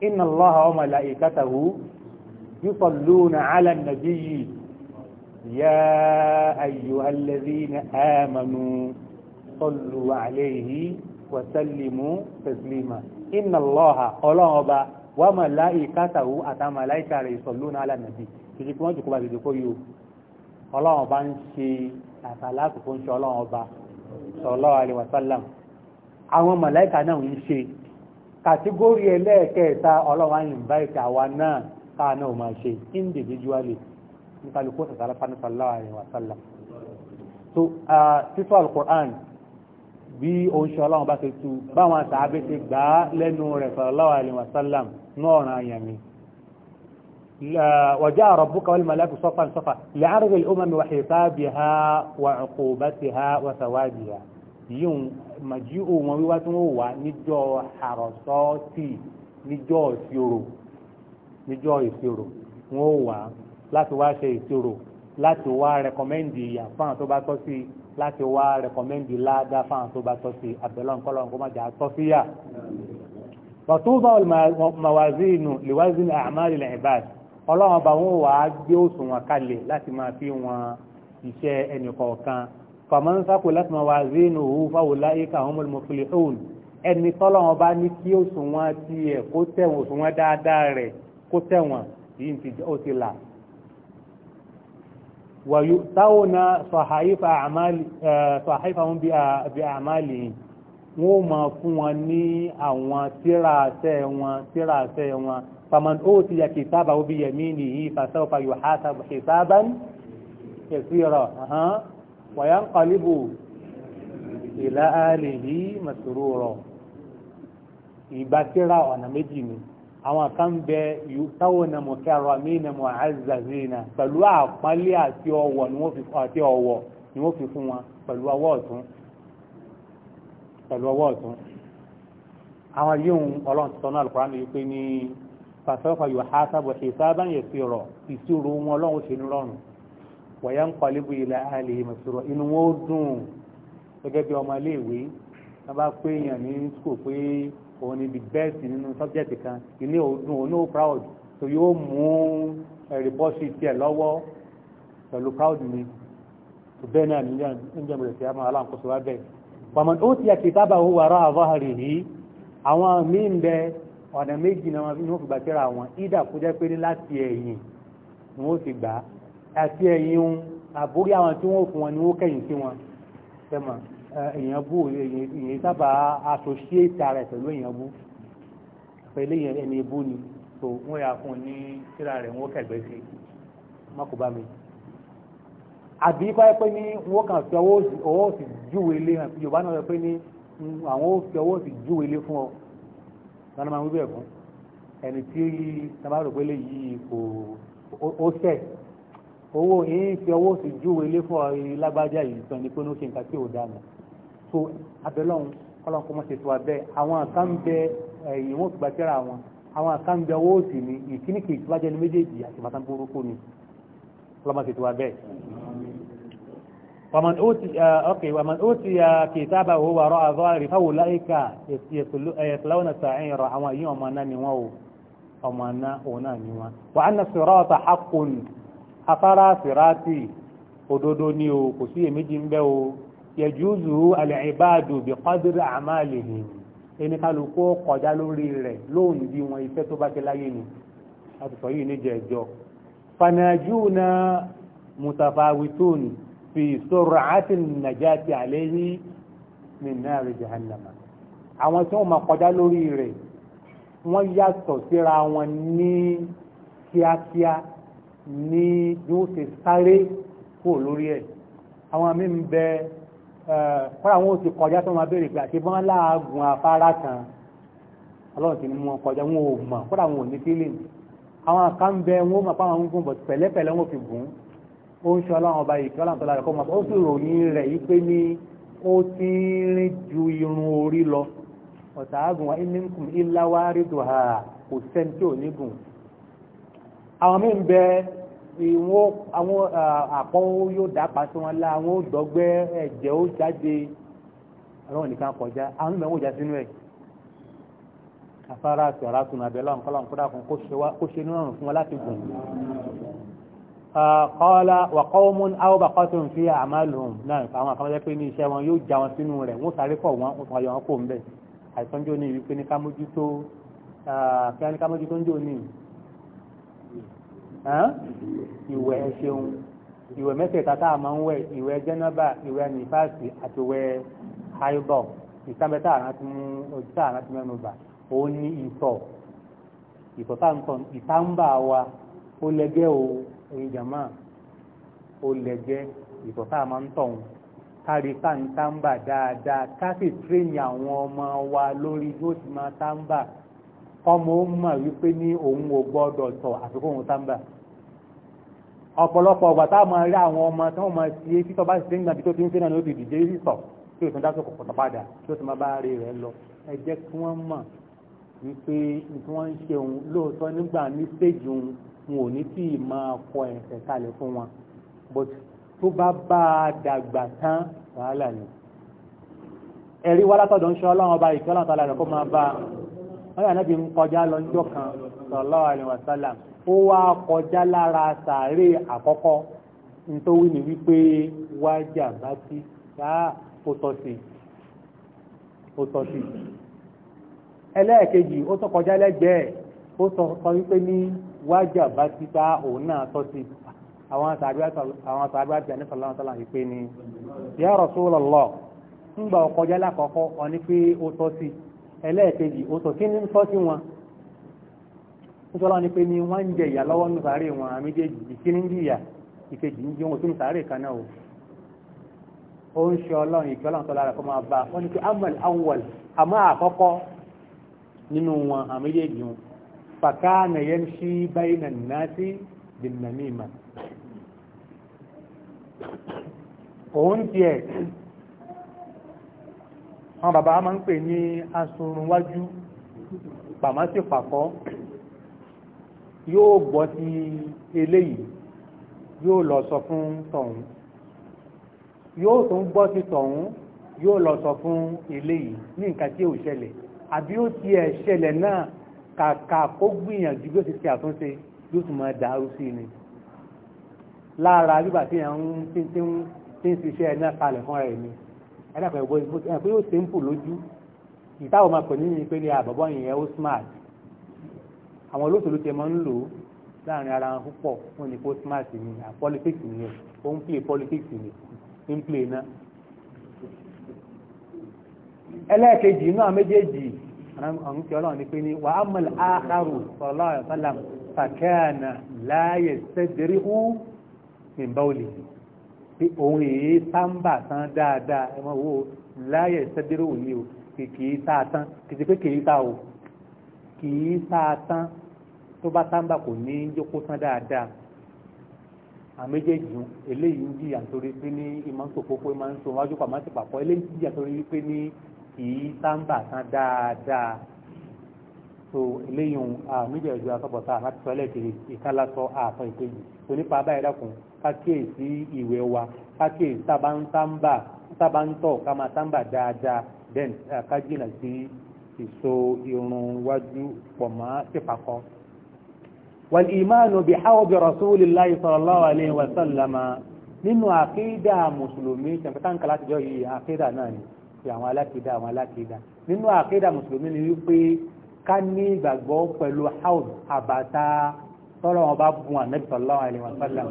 inna allaha wa malaikatahu yusalluna ala nabiyyi ya ayyuhal ladhina amanu sallu alayhi wa sallimu taslima inna allaha ọlọ́run ọba wa malaikatahu àtàwọn màláìka rẹ̀ yusalluna ala nabiyyi kìí kí wọ́n jù kó bá jù kó yìí o ọlọ́run ọba ń sallallahu alayhi wa sallam àwọn màláìka náà ń kàtígórì ẹlẹ́ẹ̀kẹta ọlọ́wà invite àwa náà káà náà máa ṣe individually ní kálukú sàtàlá fanisàlá àrẹ wàsálà so títọ́ alukur'an bí o ń ṣe ọlọ́run bá ṣe tu báwọn àtàbí ti gbà á lẹ́nu rẹ̀ sallallahu alaihi wasallam وجاء ربك والملائكة صفا صفا لعرض الأمم وحسابها وعقوبتها وثوابها يوم màjú òun wíwá tí wọ́n wà níjọ́ àròsọ́ọ̀tì níjọ́ ìṣirò níjọ́ ìṣirò wọ́n wà láti wá ṣe ìṣirò láti wá rẹkọmẹ́ndì ìyà fáwọn tó bá tọ́ sí i láti wá rẹkọmẹ́ndì ládàá fáwọn tó bá tọ́ sí i àbẹ̀lọ́n kọ́lọ́ kó má jà á tọ́ sí yà. wàtúbà màwàzínù lèwàzínù àmàlì lẹ́yìnbáàd ọlọ́run ọba wọn wà á gbé òṣùwọ̀n kalẹ̀ láti máa fi wọn iṣẹ́ faman sakulat mawazinuhu faulaika humul muflihun ẹni tọ́lọ́wọ́n bá ní kí òṣùwọ̀n tiẹ̀ kó tẹ̀wọ̀n òṣùwọ̀n dáadáa rẹ̀ kó tẹ̀wọ̀n yìí ti ó ti là. wa yu'tawna sahifa a'mali sahifahum bi a'mali wọn ò máa fún wọn ní àwọn tíraṣẹ́ wọn tíraṣẹ́ wọn faman utiya kitabahu bi yaminihi fasawfa yuhasabu hisaban kathira wàyánqalíbù ìlà àlèyí masrura ìgbàtíra ọ̀nà méjì ni àwọn kan bẹ yutawna mukarramina mu'azzazina pẹ̀lú àpálẹ́ àti ọwọ̀ àti ọwọ̀ ni wọ́n fi fún wọn pẹ̀lú ọwọ́ ọ̀tún pẹ̀lú ọwọ́ ọ̀tún àwọn yíò ọlọ́run ti sọ́nà alùpàá ní pé ní pàṣẹ́wọ́pàá yóò há sábọ̀ ṣe sábà yẹ̀ sí ọ̀rọ̀ ìṣirò wọn ọlọ́run ṣe ní rọrùn wọ̀yán pàlíbù ilẹ̀ àhàlì mẹ̀sùrọ̀ inú wọn ó dùn gẹ́gẹ́ bí ọmọ iléèwé wọn bá pé èèyàn ní ni the best nínú subject kan ilé òdùn òun ó proud so yóò mú proud ni bẹ́ẹ̀ náà ní ìjẹ́ mìíràn tí a máa aláǹkóso wá méjì náà wọn fi gbà wọn ìdà kó jẹ́ pé ní láti ẹ̀yìn wọ́n ti gbà àti ẹ̀yìn ohun àbórí àwọn tí wọ́n fún wọn ni wọ́n kẹ̀yìn sí wọn tẹ́mọ̀ èèyàn bú èèyàn sábà associate ara ẹ̀ pẹ̀lú èèyàn bú pẹ̀lú ẹni bú ni tó wọ́n yà fún un ní síra rẹ̀ wọ́n kẹ̀gbẹ́ sí má kó bá mi. àbí báyìí pé ní wọ́n kàn fi ọwọ́ òsì júwe lé hàn yorùbá náà rẹ̀ pé ní àwọn ó fi ọwọ́ òsì júwe lé fún ọ lọ́nà máa ń wí bẹ́ẹ̀ fún ẹni tí tábà rò pé lè ó sẹ́ẹ̀ owó èyí fi owó sì júwe ilé fún ọ̀rẹ́ lágbájá yìí sọ ní pé ní ó ṣe nǹkan tí ò dáná so abẹ́lọ́hún kọ́lọ́n kọ́ mọ́ ṣe tó abẹ́ àwọn kan bẹ ẹ̀yìn wọn ti gbàtẹ́ra wọn àwọn kan bẹ owó sì ní ìkíní kìí tó bá jẹ́ ní méjèèjì àti bàtà burúkú ni kọ́lọ́n ṣe tó abẹ́. ومن أوتي أوكي ومن أوتي كتابه وراء ظهره فأولئك يصلون سعيرا أو يوم أنا نواو أو أنا أنا نواو وأن حق afárá sìrátì òdodo ni o kò sí èméjì ń bẹ́ o yẹjúzù alẹ́ìbáàdù bí kọ́dírì àmàlìhìn ẹni kálukú kọjá lórí rẹ̀ lóhùn bí wọn iṣẹ́ tó bá ti láyé ni láti sọ yìí níjẹ̀ ẹjọ́ fanajúna mutafawitun fi sur'ati najati alayhi min nari jahannama àwọn tí wọ́n kọjá lórí rẹ̀ wọ́n yàtọ̀ síra wọn ní kíákíá ní yóò ṣe sáré kó lórí ẹ̀ àwọn mí ń bẹ fọ́nà wọn ò ti kọjá tó máa béèrè pé àti bọ́n láàgùn afárá kan ọlọ́run ti mú wọn kọjá wọn ò mọ̀ fọ́nà wọn ò ní feeling àwọn kan bẹ wọn ò mọ̀ pé àwọn ń gùn bọ̀ pẹ̀lẹ́pẹ̀lẹ́ wọn fi gùn ó ń ṣe ọlọ́run ọba ìkẹ́ ọlọ́run tó lára kọ́ mọ́ ó sì ròyìn rẹ̀ yí pé ní ó ti rìn ju irun orí lọ ọ̀tàágùn wa inú kùn ilá wa kò sẹ́ni tí gùn àwọn mí ń bẹ ìwọ̀n àwọn àpọ́wó yóò dápa sí wọn lá àwọn òdọ́gbẹ́ ẹ̀jẹ̀ ó jáde àwọn nìkan kọjá àwọn ìmọ̀ òjà sínú ẹ̀ afárá àti ọ̀rá tún abẹ́lá ọ̀nkọ́lá ọ̀nkọ́lá fún kó ṣe ní ọ̀rùn fún wọn láti gùn qala wa qawmun aw baqatun fi a'maluhum náà àwọn àkàmọ́jẹ́ pé ní iṣẹ́ wọn yóò já wọn sínú rẹ̀ wọ́n sáré pọ̀ wọn wọ́n fọyọ̀ wọn kò ń bẹ̀ àìsànjọ́ ní ìwí pé ní ká mójútó ní ìwẹ̀ ẹ̀ṣẹ̀un ìwẹ̀ mẹ́tẹ̀ẹ̀ta tá a máa ń wẹ̀ ìwẹ̀ jẹ́nàbà ìwẹ̀ nífàsì àti ìwẹ̀ haibọ̀ ìsámbẹ́ tá àrántí mú ojú tá àrántí mẹ́nu bà òun ní ìtọ̀ ìtọ̀ táǹtàn ìtàǹbà wa ó lẹ́gẹ́ o ẹ̀yin jàmáà ó lẹ́gẹ́ ìtọ̀ tá a máa ń tọ̀hún kárí táǹtàǹbà dáadáa ká sì tírèyìn àwọn ọmọ wa lórí bí ó ti máa táǹbà ọmọ ó mọ̀ wípé ní òun ò gbọ́dọ̀ tọ̀ àfikún òun sáńbà ọ̀pọ̀lọpọ̀ ọgbà tá a máa rí àwọn ọmọ tí wọ́n máa ṣe é títọ́ bá ṣe ń gbà bí tó ti ń ṣe náà ló ti dìde tí o tún dá sókò pọ̀tọ̀ padà tí o tún máa bá rí rẹ̀ lọ ẹ jẹ́ kí wọ́n mọ̀ wípé tí wọ́n ń ṣe òun lóòótọ́ nígbà ní stéèjì òun ò ní tí ì máa kọ ẹ̀sẹ̀ kalẹ̀ fún wọn but tó bá bá a dàgbà tán wàhálà ni ẹ̀rí wá látọ̀dọ̀ ń ṣe ọlọ́run ọba ìkẹ́ wọ́n yà nẹ́bí ń kọjá lọ níjọ́ kan sallallahu alaihi wasallam ó wá kọjá lára sàárè àkọ́kọ́ nítorí ni wípé wájà bá ti ká ó tọ́ sí ó tọ́ sí ẹlẹ́ẹ̀kejì ó tún kọjá lẹ́gbẹ̀ẹ́ ó sọ wípé ní wájà bá ti ká òun náà tọ́ sí àwọn àtàgbà àti àníṣà sallallahu alaihi wasallam wípé ní ya Rasulullah ńgbà ọkọjá lákọ̀ọ́kọ́ ọ ní pé ó tọ́ ẹlẹ́ẹ̀kejì ó sọ kí ní sọ sí wọn nítorí ni pé ni wọ́n ń jẹ ìyà lọ́wọ́ nù sáré wọn àmìjẹ́jì ìkí ní jìyà ìkejì ń jẹun sínú sáré kan náà ó ń ṣe ọlọ́run ìkí ọlọ́run tó kọ́ máa bá wọ́n ni pé amal awwal àmọ́ àkọ́kọ́ nínú wọn àmìjẹ́jì wọn fàká nàyẹ́ ń ṣí báyìí náà sí dìnnàmíìmà òun tiẹ̀ àwọn bàbá a máa ń pè ní asunrunwájú pàmásì pàkọ́ yóò gbọ́ sí eléyìí yóò lọ sọ fún tọ̀hún yóò tún gbọ́ sí tọ̀hún yóò lọ sọ fún eléyìí ní nǹkan tí ò ṣẹlẹ̀ àbí ó ti ẹ̀ ṣẹlẹ̀ náà kàkà kó gbìyànjú bí ó ti ṣe àtúnṣe yóò tún máa dàrú sí ni lára bíbà tí ẹ̀ ń tí ń ṣiṣẹ́ náà kalẹ̀ fúnra ẹ̀ ni ẹ̀dàpọ̀ ìbò ìbò ẹ̀ pé ó ṣe ń pò lójú ìtawọ̀ máa pè ní ní pé ní ah, àbọ̀bọ̀ yẹn ó smart àwọn olóṣèlú tẹ máa ń lò láàrin ara púpọ̀ wọn ní kó smart ni à politics ni ó ń play politics ni ń play náà. ẹlẹ́ẹ̀kejì náà méjèèjì àwọn tí ọlọ́run ní pé ní wàá mọ̀lẹ́ áhàrù sallallahu alaihi wasallam fàkẹ́ànà láàyè sẹ́dẹ̀rí hù min pé òun èé sáńbà tán dáadáa ẹ mọ̀ wo láyẹ̀ sẹ́dérò òní o kìí sá tán kìí pé kìí sá o kìí sá tán tó bá sáńbà kò ní jókòó tán dáadáa àméjèèjì eléyìí ń jìyà torí pé ní ìmọ̀ ń sòkókó ìmọ̀ ń sọ wájú pàmò àti pàpọ̀ eléyìí ń jìyà torí pé ní kìí sáńbà tán dáadáa so eléyìí ń àméjèèjì àtọ̀bọ̀tà àti sọ́lẹ̀ kiri ìkálásọ àtọ̀ ìkejì tó nípa abáyé dákun kákíyèsí ìwẹ̀ wa kákíyèsí sábà ń tọ̀ ká máa sábà dáadáa then kájìnà sí ìso irun wájú pọ̀ mọ́ sípàkọ́. والإيمان بحوض رسول الله صلى الله عليه وسلم nínú àkídà mùsùlùmí tẹ̀m̀pẹ̀tà ń kàlá àtijọ́ yìí àkídà náà ni ti àwọn alákìdá àwọn alákìdá nínú àkídà mùsùlùmí ni wípé ká ní ìgbàgbọ́ pẹ̀lú haud àbàtà tọ́lọ̀ wọn bá bùn ànábì sallallahu alaihi wasallam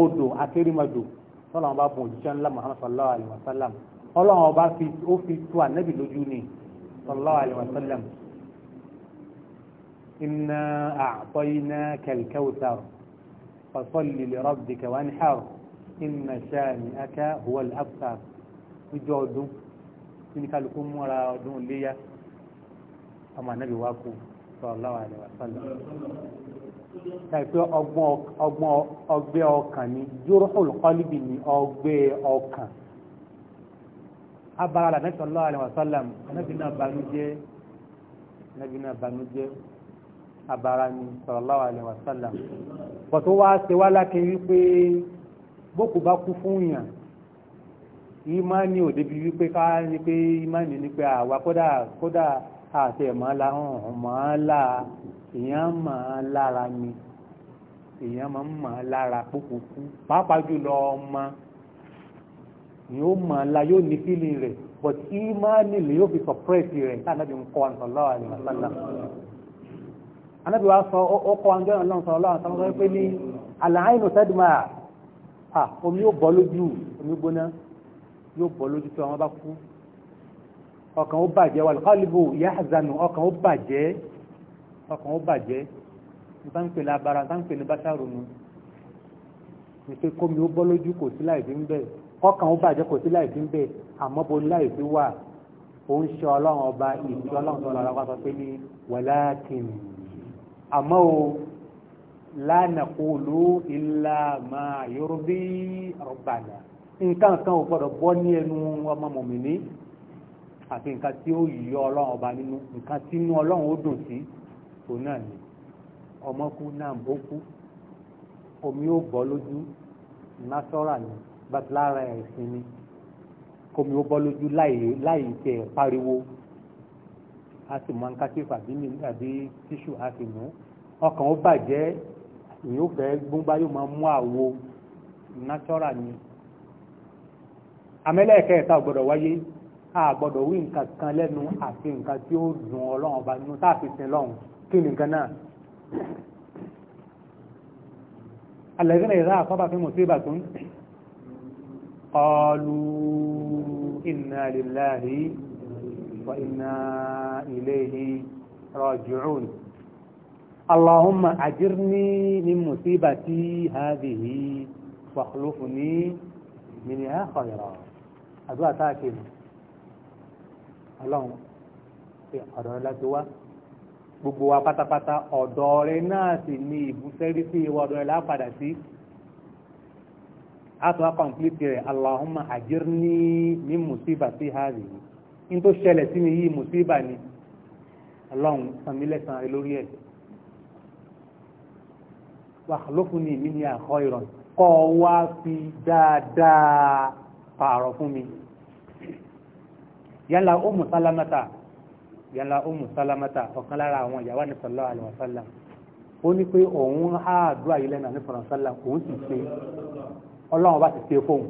odò akérèmọdò tọ́lọ̀ wọn bá bùn òjíṣẹ́ ńlá muhammad sallallahu alaihi wasallam tọ́lọ̀ wọn bá fi ó fi tú ànábì lójú ni sallallahu alaihi wasallam inna a'tainaka al-kawthar fasalli li rabbika wanhar inna shani'aka huwa al-abtar ìjọ ọdún níbi kálukú múra ọdún léyà ọmọ ànábì wákò sallallahu alaihi wasallam tàbí ọgbọ́n ọgbẹ́ ọkàn ni jóròhùn kọ́líbì ni ọgbẹ́ ọkàn abara la nẹ́tọ̀ lọ́wọ́ àlẹ́ wàsálàm anábì náà banújẹ́ anábì náà banújẹ́ abara ni sọ̀rọ̀láwọ́ àlẹ́ wàsálàm pọ̀tó wá ṣe wá láti wípé bókù bá kú fún yàn ìmánì ò débi wípé ká ní pé ìmánì ní pé àwa kódà kódà àti ẹ̀mọ́ la hàn hàn la èèyàn máa lára ni èèyàn máa ń máa lára pópókú pàápàá jùlọ ọmọ yóò máa la yóò ní fílì rẹ̀ but ìmáàlì lè yóò fi sọpírẹ́sì rẹ̀ tí anábì ń kọ́ sallallahu alaihi wasallam anábì wa sọ ọkọ̀ àjọ náà sallallahu alaihi wasallam pé ní àlàáìnù sẹ́dùmá à omi yóò bọ́ lójú omi gbóná yóò bọ́ lójú tí wọ́n bá kú ọkàn ó bàjẹ́ wal qalbu yahzanu ọkàn ó bàjẹ́ ọkàn ó bàjẹ́ nípa ń pè lábára nípa ń pè ní báṣárònú ìpè kómi ó bọ́ lójú kò sí láì fi ń bẹ̀ kọ́kàn ó bàjẹ́ kò sí láì fi ń bẹ̀ àmọ́ bo láì fi wà ó ń ṣe ọlọ́run ọba ìṣe ọlọ́run tó lọ́la wá sọ pé ní wàláàkìn àmọ́ o lánàá kó ló ilà máa yọrọ bí rabbana nǹkan kan ò gbọ́dọ̀ bọ́ ní ẹnu ọmọ mọ̀mìnì àti nǹkan tí ó yọ ọlọ́run ọba nínú nǹkan tí inú ọlọ́run ó dùn sí òun náà ni ọmọ kú náà bó kú omi ó bọ́ lójú násọ́rà ni lára ẹ̀sìn ni kómi ó bọ́ lójú láì tẹ̀ pariwo a sì mọ nkákif àbí tíṣù a sì mú ọkàn ó bàjẹ́ ìyóò fẹ́ gbóngbá yóò máa mú àwo násọ́rà ni àmẹ́lẹ́ẹ̀kẹ́ ẹ̀ta gbọ́dọ̀ wáyé a gbọ́dọ̀ wí nǹkan kan lẹ́nu àti nǹkan tí ó dùn ọlọ́run ọba nínú táàfin sin lọ́run kí ni nǹkan náà alẹ́gbẹ̀rẹ̀ ìdá àkọ́bà fí mùsíbà tún qalu inna lillahi wa inna ilayhi raji'un اللهم أجرني من مصيبتي هذه واخلفني منها خيرا أدوى تاكد اللهم في قرار لا gbogbo wa pátápátá ọ̀dọ̀ rẹ náà sì ni ìbùsẹ́rí sí ìwọ ọ̀dọ̀ rẹ lápadà sí àtọ́ àkọ́ǹtìlìtì rẹ̀ Allahumma àjírní ní mùsíbà sí hàrí ní tó ṣẹlẹ̀ sí mi yìí mùsíbà ni ọlọ́run sàmílẹ̀sàn rẹ lórí ẹ̀ wàhálófúnni mi ni àkọ́ ìrọ̀n kọ́ wá fi dáadáa pààrọ̀ fún mi yálà ó mùsálámátà yàrá Ummu Salamata ọ̀kan lára àwọn ìyàwó ní sallallahu alaihi wasallam ó ní pé òun á àdúrà yìí lẹ́nu ànífọ̀nà sálà òun sì ṣe ọlọ́run bá ti ṣe fóun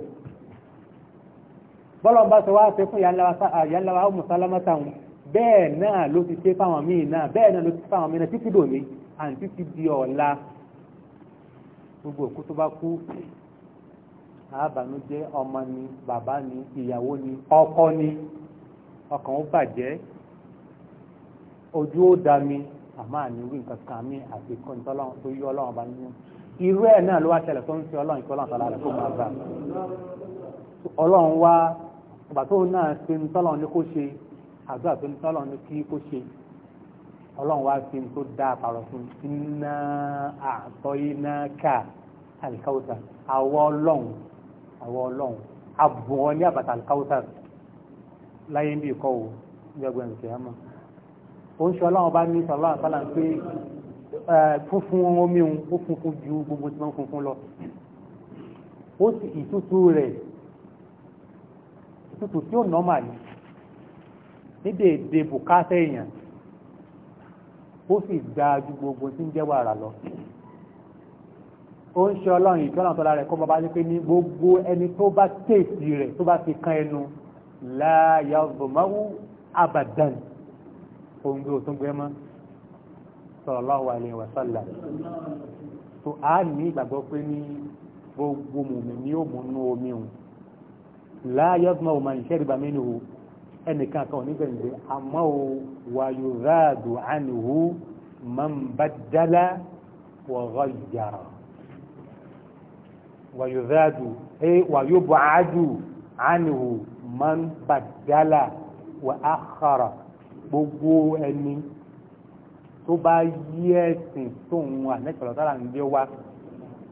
bọ́lọ̀ bá ṣe wá ṣe fún yàrá Ummu Salamata wọn bẹ́ẹ̀ náà ló ti ṣe fáwọn míì náà bẹ́ẹ̀ náà ló ti ṣe fáwọn míì náà títí dòní àǹtí ti di ọ̀la gbogbo òkú tó bá kú àbànújẹ́ ọmọ ni bàbá ni ìyàwó ojú ó dá mi àmọ́ àníwí nǹkan kan mi àti kọ́ńtọ́lọ́ tó yọ ọlọ́run bá nínú irú ẹ̀ náà ló wá ṣẹlẹ̀ tó ń fi ọlọ́run ìkọ́lọ́run tọ́lá rẹ̀ kó máa bá ọlọ́run wá ọba tó náà ṣe ń tọ́lọ́run ní kó ṣe àdúrà tó ń tọ́lọ́run ní kí kó ṣe ọlọ́run wá fi tó dá àpàrọ̀ fún iná àtọ́ iná ká àlìkáwùsà àwọ ọlọ́run àwọ ọlọ́run abùn ní àbàtà àlìkáwùsà láyé ń bí ìkọ́ wò ní ọgbẹ́ni kìámà ó ń ṣe ọlọ́run bá ní sọ̀rọ̀ àṣálà ń pé funfun omi òun ó funfun ju gbogbo tí wọ́n funfun lọ ó sì ìtútù rẹ̀ ìtútù tí ó nọ́mà ní ní dèédé bùkátà èèyàn ó sì gba ju gbogbo tí ń jẹ́ wàrà lọ ó ń ṣe ọlọ́run ìtọ́nà tọ́lá rẹ̀ kọ́ bàbá ní pé ní gbogbo ẹni tó bá tèèsì rẹ̀ tó bá fi kan ẹnu láyà ọ̀gbọ̀nmáwú àbàdàn ohun bí o tún gbé mọ́ sallallahu alaihi wa sallam tó a ní ìgbàgbọ́ pé ní gbogbo mòmí ní òmùnú omi òun láyé ọdún ọmọ ìṣẹ́rìbà mẹ́nu o ẹnìkan kan onígbẹ̀ǹdẹ̀ àmọ́ o wà yóò man baddala wà yóò gbogbo ẹni tó bá yí ẹ̀sìn tó ń ànẹ́sọ̀rọ̀ sára ń gbé wá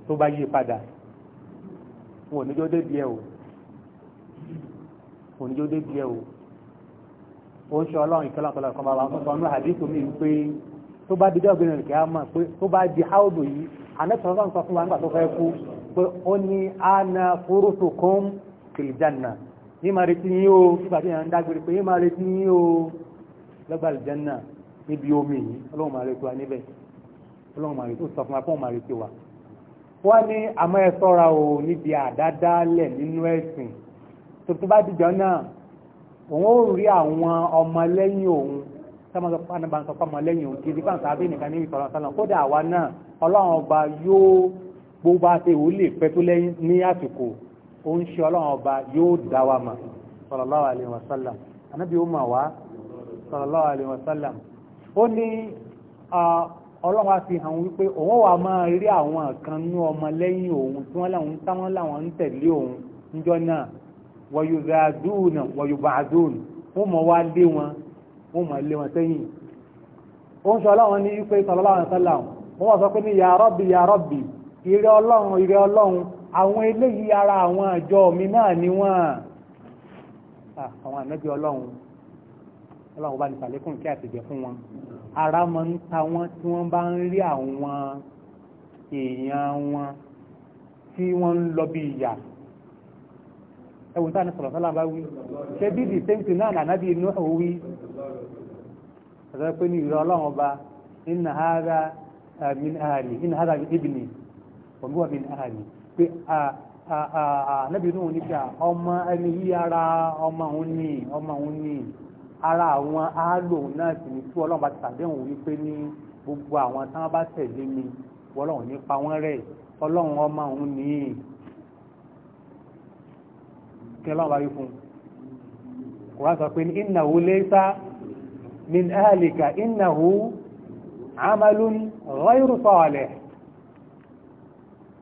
tó bá yí padà wọn níjọ́ débi ẹ̀ o wọn ò níjọ́ débi ẹ̀ o ó ń ṣe ọlọ́run ìkọlọ́kọlọ́ kan bá wa fún ọdún àdínkù mi pé tó bá di dọ́gbìn rẹ̀ kí á mọ̀ pé tó bá di áódò yìí ànẹ́sọ̀rọ̀ sọ fún wa nígbà tó fẹ́ kú pé ó ní ana fúrúsù kún kìlìjánà ní máa retí yín o nígbà tí yẹn ń dágbére pé yín máa retí yín o lọ́gbà àlìjánà níbi omi yìí ọlọ́run máa retí wa níbẹ̀ ọlọ́run máa retí ó sọ fún wa pé òun máa retí wa. wọ́n ní àmọ́ ẹ sọ́ra o níbi àdádálẹ̀ nínú ẹ̀sìn tuntun bá dìjọ náà òun ó rí àwọn ọmọlẹ́yìn òun sábàá sọpá náà bá ń sọpá ọmọlẹ́yìn òun kì í dípà sábẹ́ nìkan ní ìtọ́ra sálọ kódà àwa náà ọlọ́run ọba yóò gbogbo àti ìwò lè pẹ́ tó lẹ́yìn ní àsìkò ó ń ṣe ọlọ́run ọba yóò dá wa mà sallallahu alaihi wasallam ànábì ó mà wá sallallahu alaihi wasallam ó ní ọlọ́run á fi hàn wípé òun wà máa rí àwọn kan nú ọmọ lẹ́yìn òun tí wọ́n láwọn táwọn láwọn ń tẹ̀lé òun níjọ́ náà wọ̀yùbàdùnà wọ̀yùbàdùn wọ́n mọ̀ wá lé wọn wọ́n mọ̀ lé wọn sẹ́yìn ó ń sọ ọlọ́run ní wípé sallallahu alaihi wasallam wọ́n wọ́n sọ pé ní ya Rabbi ìrẹ́ ọlọ́run ìrẹ́ ọlọ́run àwọn eléyìí ara àwọn àjọ mi náà ni wọ́n ah, ọlọ́run bá ní sàlékún kí àtìjẹ fún wọn ara máa ń ta wọn tí wọ́n bá ń rí àwọn èèyàn wọn tí wọ́n ń lọ bí ìyà ẹwùn táà ní sọ̀rọ̀ sọ́lá bá wí ṣe bí the same thing náà nànábì inú òwí ọ̀sẹ̀ pé ní ìrọ̀ ọlọ́run ọba inna hadha min ahli pé nàbì inú òun pé ọmọ ẹni yí ara ọmọ òun ọmọ òun ara àwọn áálò náà sì ní tí ọlọ́run bá ti sàdéhùn wípé ní gbogbo àwọn tí wọ́n bá tẹ̀lé mi ọlọ́run nípa wọ́n rẹ̀ ọlọ́run ọmọ òun ní í kí ọlọ́run bá rí fún un kò wá sọ pé ní ìnáwó lẹ́sà min ahlika ìnáwó amalun ghayru salih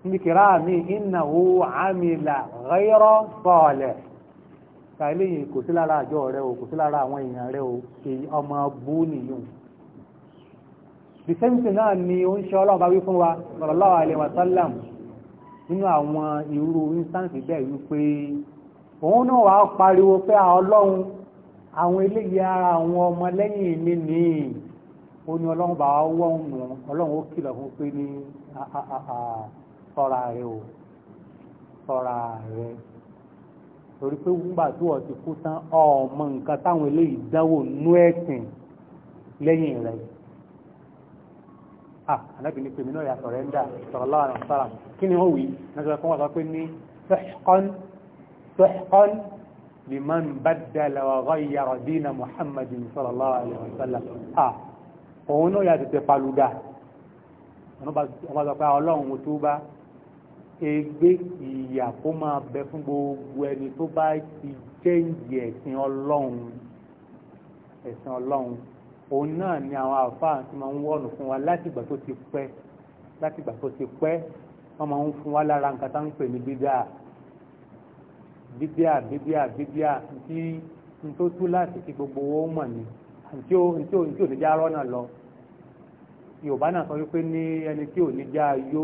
níbi kìrá mi ìnáwó amila ghayru salih eléyìí kò sí lára àjọ rẹ o kò sí lára àwọn èèyàn rẹ o èyí ọmọ bú nìyún the same thing náà ni ó ń ṣe ọlọ́run bá wí fún wa sallallahu alaihi wasallam nínú àwọn irú instance bẹ́ẹ̀ wípé òun náà wàá pariwo pé ọlọ́run àwọn eléyìí ara àwọn ọmọ lẹ́yìn mi nìyí ó ní ọlọ́run bá wá wọ́ ọ̀nà ọlọ́run ó kìlọ̀ fún pé ní sọ́ra rẹ o sọ́ra rẹ torí pé wúgbà tí wọ́n ti kú tán ọmọ nǹkan táwọn eléyìí dánwò nú ẹ̀sìn lẹ́yìn rẹ̀ ah anábì ní pèmí náà yà sọ̀rẹ́ndà sallallahu alaihi wasallam kí ni ó wí nígbà kan wọ́n sọ pé ní sahqan sahqan liman baddala wa ghayyara dina muhammadin sallallahu alaihi wasallam ègbé ìyà kó máa bẹ fún gbogbo ẹni tó bá ti jẹ́ǹjì ẹ̀sìn ọlọ́run ẹ̀sìn ọlọ́run òun náà ni àwọn àfáà tí máa ń wọ́nù fún wa látìgbà tó ti pẹ́ látìgbà tó ti pẹ́ wọ́n máa ń fún wa lára nǹkan tá ń pè ní bíbíà bíbíà bíbíà bíbíà tí n tú láti kí gbogbo owó mọ̀ ni àti òní já rọ́nà lọ yorùbá náà sọ wípé ní ẹni tí ò ní já yó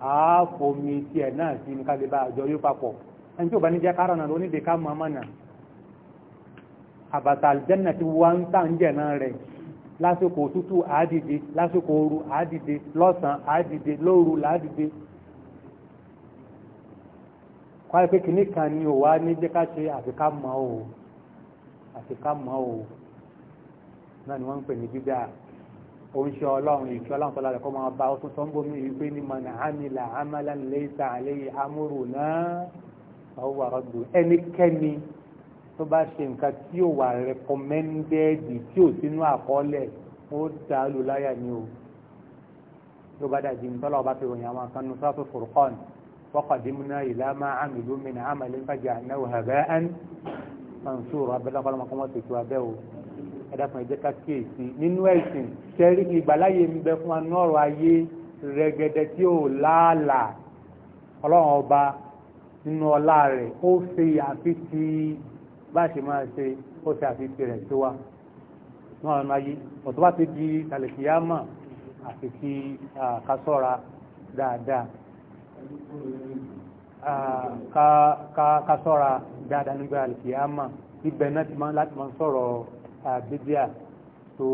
àáfòmí tiẹ̀ náà sí ní kálẹ̀ bá àjọ yóò papọ̀ ẹni tí ò bá ní jẹ́ kárọ̀nà ló níbi ká mọ́ mọ́nà àbàtà àlùjẹ́nà ti wá ń tà ń jẹ̀ náà rẹ̀ lásìkò òtútù àádìde lásìkò ooru àádìde lọ́sàn àádìde lóru làádìde kwáyé pé kìíní kan ni ò wá ní jẹ́ ká ṣe àfikà mọ́ ò àfikà mọ́ ò náà ni wọ́n ń pè ní bíbẹ́ àà oríṣi ọlọ́run ìfẹ́ ọlọ́run tọ́lá rẹ̀ kọ́ máa bá ọtún tó ń bomi wípé ní mọ̀nà àmìlà àmàlà lẹ́sà àlẹ́yẹ amúrò náà ọwọ́ àrọ́gbò ẹnikẹ́ni tó bá ṣe nǹkan tí ò wà rẹkọmẹ́ndẹ́ẹ̀dì tí ò sínú àkọọ́lẹ̀ ó dá lù láyà ni o ló bá dàjí nítorí ọba fi ròyìn àwọn akanu sọ́ọ̀tù fòrùkọ́n wọ́kọ̀dínmúná ìlà máa àmìlú mi ní àmàlẹ́ náà hàbẹ́ ẹ̀dàkùn ẹ̀jẹ̀ ká kíyèsí nínú ẹ̀sìn tẹ́rí ìgbàláyè ń bẹ fún anú ọ̀rọ̀ ayé rẹ̀gẹ̀dẹ̀ tí ò láàlà ọlọ́run ọba nínú ọlá rẹ̀ ó ṣe àfitì bá ṣe máa ṣe ó ṣe àfitì rẹ̀ tó wá wọn ọ̀nà ayé ọ̀tọ́ bá ti di tàlẹ̀kìyàmọ̀ àfitì kásọ́ra dáadáa kásọ́ra dáadáa nígbà tàlẹ̀kìyàmọ̀ ibẹ̀ náà láti máa sọ̀rọ̀ bíbíà tó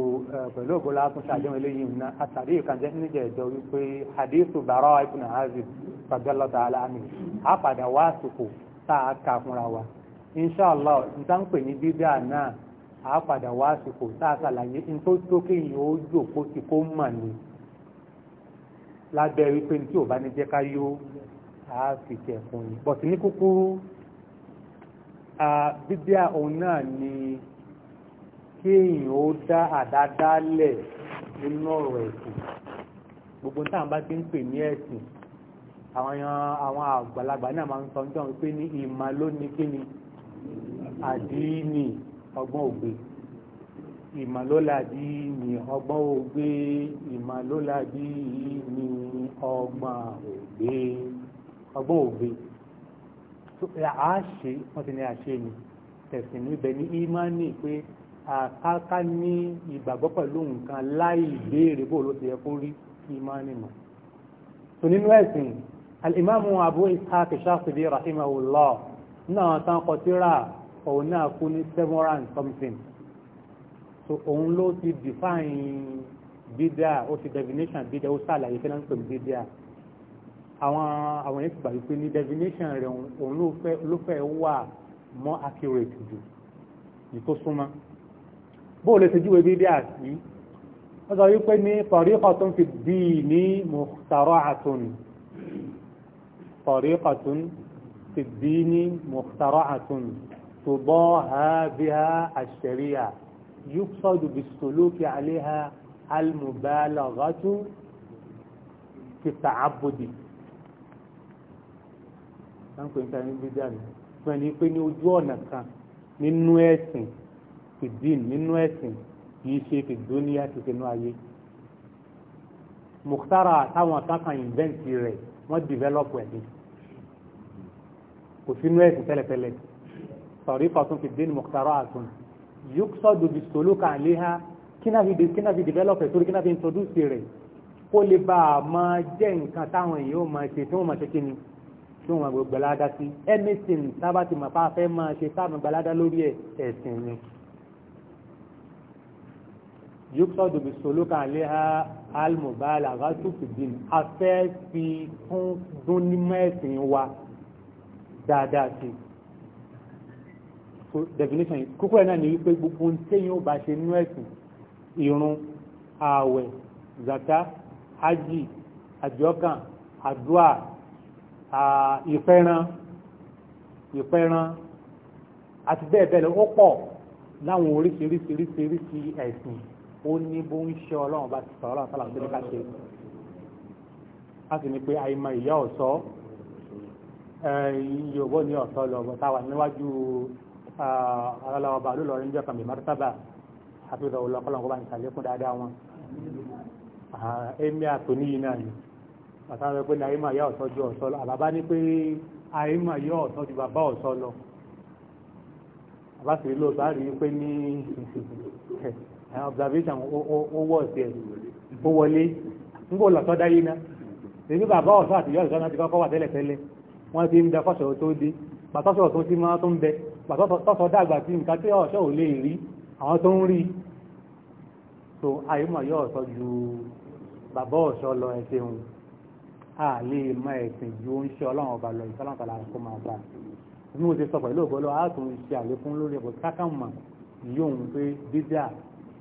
pẹ̀lú ògbólá tún ṣàjọyọ̀ eléyìí ńná àtàrí ìkànjẹ́ níjẹ̀ ìjọ wípé hadithu bàrọ̀ ibn Azib radiyallahu ta'ala anhu padà wá àsìkò tá a kà fúnra wa inshallah nǹkan pè ní náà á padà wá àsìkò tá a ṣàlàyé tó ó kò mọ̀ ni lábẹ́ wípé tí ò bá ní jẹ́ ká yó a fi tẹ̀ kéèyàn ó dá àdádálẹ̀ nínú ọ̀rọ̀ ẹ̀sìn gbogbo táwọn bá ti ń pè ní ẹ̀sìn àwọn àwọn àgbàlagbà náà máa ń sọ nítorí pé ní ìmọ̀ ló ní kí ni àdínì ọgbọ́n ògbé ìmọ̀ ló làdí ní ọgbọ́n ògbé ìmọ̀ ló làdí ní ọgbọ́n ògbé ọgbọ́n ògbé a ṣe wọ́n ti ní a ṣe ni tẹ̀sìn níbẹ̀ ní ìmọ̀ ní pé àkáká ní ìgbàgbọ́ pẹ̀lú nǹkan láì béèrè bó ló ti yẹ kó rí ìmánì nù. tò nínú ẹ̀sìn alìmáàmù abu ishaq shafidi rahimahullah náà tán kọ síra òun náà kú ní seven and something so òun ló ti define bídíà ó ti definition bídíà ó sàlàyé fẹ́ náà ń pè àwọn àwọn yẹn ti gbà wípé ní definition rẹ̀ òun ló fẹ́ wà more accurate jù ní súnmọ́ bóòlù ti júwe bídí àti wọ́n sọ wípé ní tariqatun fi ddini mukhtara'atun tariqatun fi ddini mukhtara'atun tudaha biha ash-shari'a yuqsadu bis-suluki 'alayha al-mubalaghatu fi ta'abbudi láǹkó ìta ní bídí àná pẹ̀lú pé ní ojú ọ̀nà kan nínú ẹ̀sìn Din nínú ẹ̀sìn kìí ṣe fìdóníyà ti tinú ayé mùkútàrà táwọn akákan ìvẹ́ǹtì rẹ̀ wọ́n dìvẹ́lọ́pù ẹ̀mí kò sínú ẹ̀sìn tẹ́lẹ̀tẹ́lẹ̀ sọ̀rí fọ́tún fìdín mùkútàrà àtún yóò sọ́dọ̀ bí sòlókà léha kí náà ẹ̀ sórí kí introduce rẹ̀ kó lè bá a máa jẹ́ nǹkan táwọn èèyàn ó máa ṣe tí wọ́n máa ṣe kí ni tí wọ́n máa gbọ́ gbalada sí anything tábàtì màpá fẹ́ máa ṣe táwọn gbalada lórí ẹ̀sìn ni yókùsọ̀dù bí solókà léha almobala rásùfìdín afẹ́ fi fún dúnnímọ̀ ẹ̀sìn wa dáadáa sí definition kókó ẹ̀ náà ni wípé gbogbo téèyàn bá ṣe nú ẹ̀sìn ìrun ààwẹ̀ zaka ájì àjọkàn àdúà ìfẹ́ràn ìfẹ́ràn àti bẹ́ẹ̀ bẹ́ẹ̀ lọ ó pọ̀ láwọn oríṣiríṣiríṣiríṣi ẹ̀sìn ó ní bó ń ṣe ọlọ́run bá ti sọ̀rọ̀ ọlọ́run sọ́là tó ní ká ṣe láti ní pé àìmọ ìyá ọ̀sọ́ yorùbá ní ọ̀sọ́ lọ bọ̀ táwa níwájú ọlọ́wọ́ bá ló lọ́rin jọ́kàn bí mọ́tàbà àti ìdọ̀wọ́ lọ́kọ́lọ́n kó bá ń sàlékún dáadáa wọn èmi àtòní yìí náà ni bàtà rẹ pé ní àìmọ ìyá ọ̀sọ́ ju ọ̀sọ́ lọ àbábá ní pé àìmọ ìyá ọ̀sọ́ ju bàbá ọ̀sọ́ lọ láti rí lóòótọ́ àrí pé ní observation ó wọ̀ sí ẹ̀ ó wọlé nígbò lọ́tọ́ dáyé náà èmi bàbá ọ̀sán àti yọ̀ọ̀sán náà ti kọ́kọ́ wà tẹ́lẹ̀ tẹ́lẹ̀ wọ́n ti ń bẹ fọ́sọ̀ tó dé pàtọ́sọ̀ tó ti máa tó ń bẹ pàtọ́sọ̀ dàgbà tí nǹkan tí ọ̀ṣọ́ ò lè rí àwọn tó ń rí so àyímọ̀ yọ̀ọ̀sọ́ ju bàbá ọ̀ṣọ́ lọ ẹ̀sìn òun a lè mọ ẹ̀sìn ju oúnṣẹ́ ọlọ́run ọba lọ ìfọ́lọ́ntàlà kó máa bá a bí mo ti sọ pẹ̀lú ògbọ́lọ́ a tún ṣe àlékún lórí ẹ̀bọ̀ kákàmà yóò ń pé dídá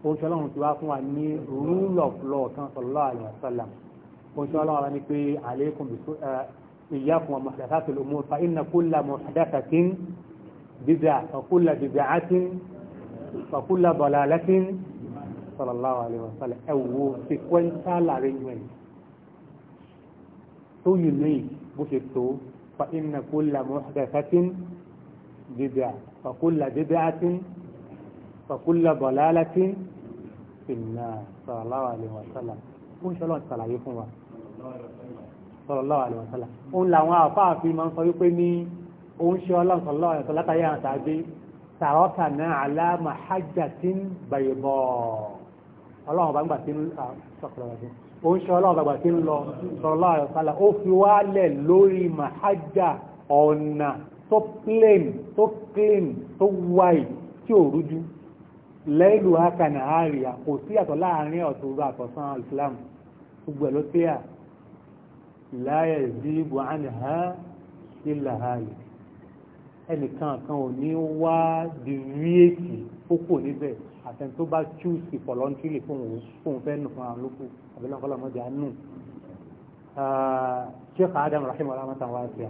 oṣù ọlọ́run ti wá fún wa ní rule of law kan sallallahu alaihi wasallam oṣù ọlọ́run wa ni pé àlékún iyyakum wa muhdathatil umur fa inna kulla muhdathatin bid'a wa kulla bid'atin wa kulla dalalatin sallallahu alaihi wasallam ẹ̀wọ̀ sequential arrangement tó yìí lóyìn bó ṣe tó فإن كل محدثة بدعة فكل بدعة فكل ضلالة في النار صلى الله عليه وسلم وإن شاء الله أنت لعيكم صلى الله عليه وسلم وإن لو أعطى في من سيقني وإن شاء الله صلى الله عليه وسلم يا سعدي تركنا على محجة بيضاء الله أبقى في شكرا لكم ó ń ṣe ọlọ́ọ̀gbàgbà tí ń lọ sọ̀rọ̀lá àyọ̀sálà ó fi wálẹ̀ lórí màhájà ọ̀nà tó plain tó clean tó wide tí ò rújú lẹ́ìlú akànà àríyá kò sí àtọ̀ láàrin ọ̀tọ̀rọ̀ àtọ̀sán islam gbogbo ẹ̀ láyẹ̀ sí buhari ha ilà ẹnìkan kan ò ní wá dìríètì ó kò níbẹ̀ àtẹn tó bá chúùsì pọ̀lọ́ntìlì fóun fóun fẹ́ nù fún àwọn olókù àbílẹ̀ ọ̀kọ́lá ọmọdé á nù. Ah, sheikh adam rahim alamata wa ṣe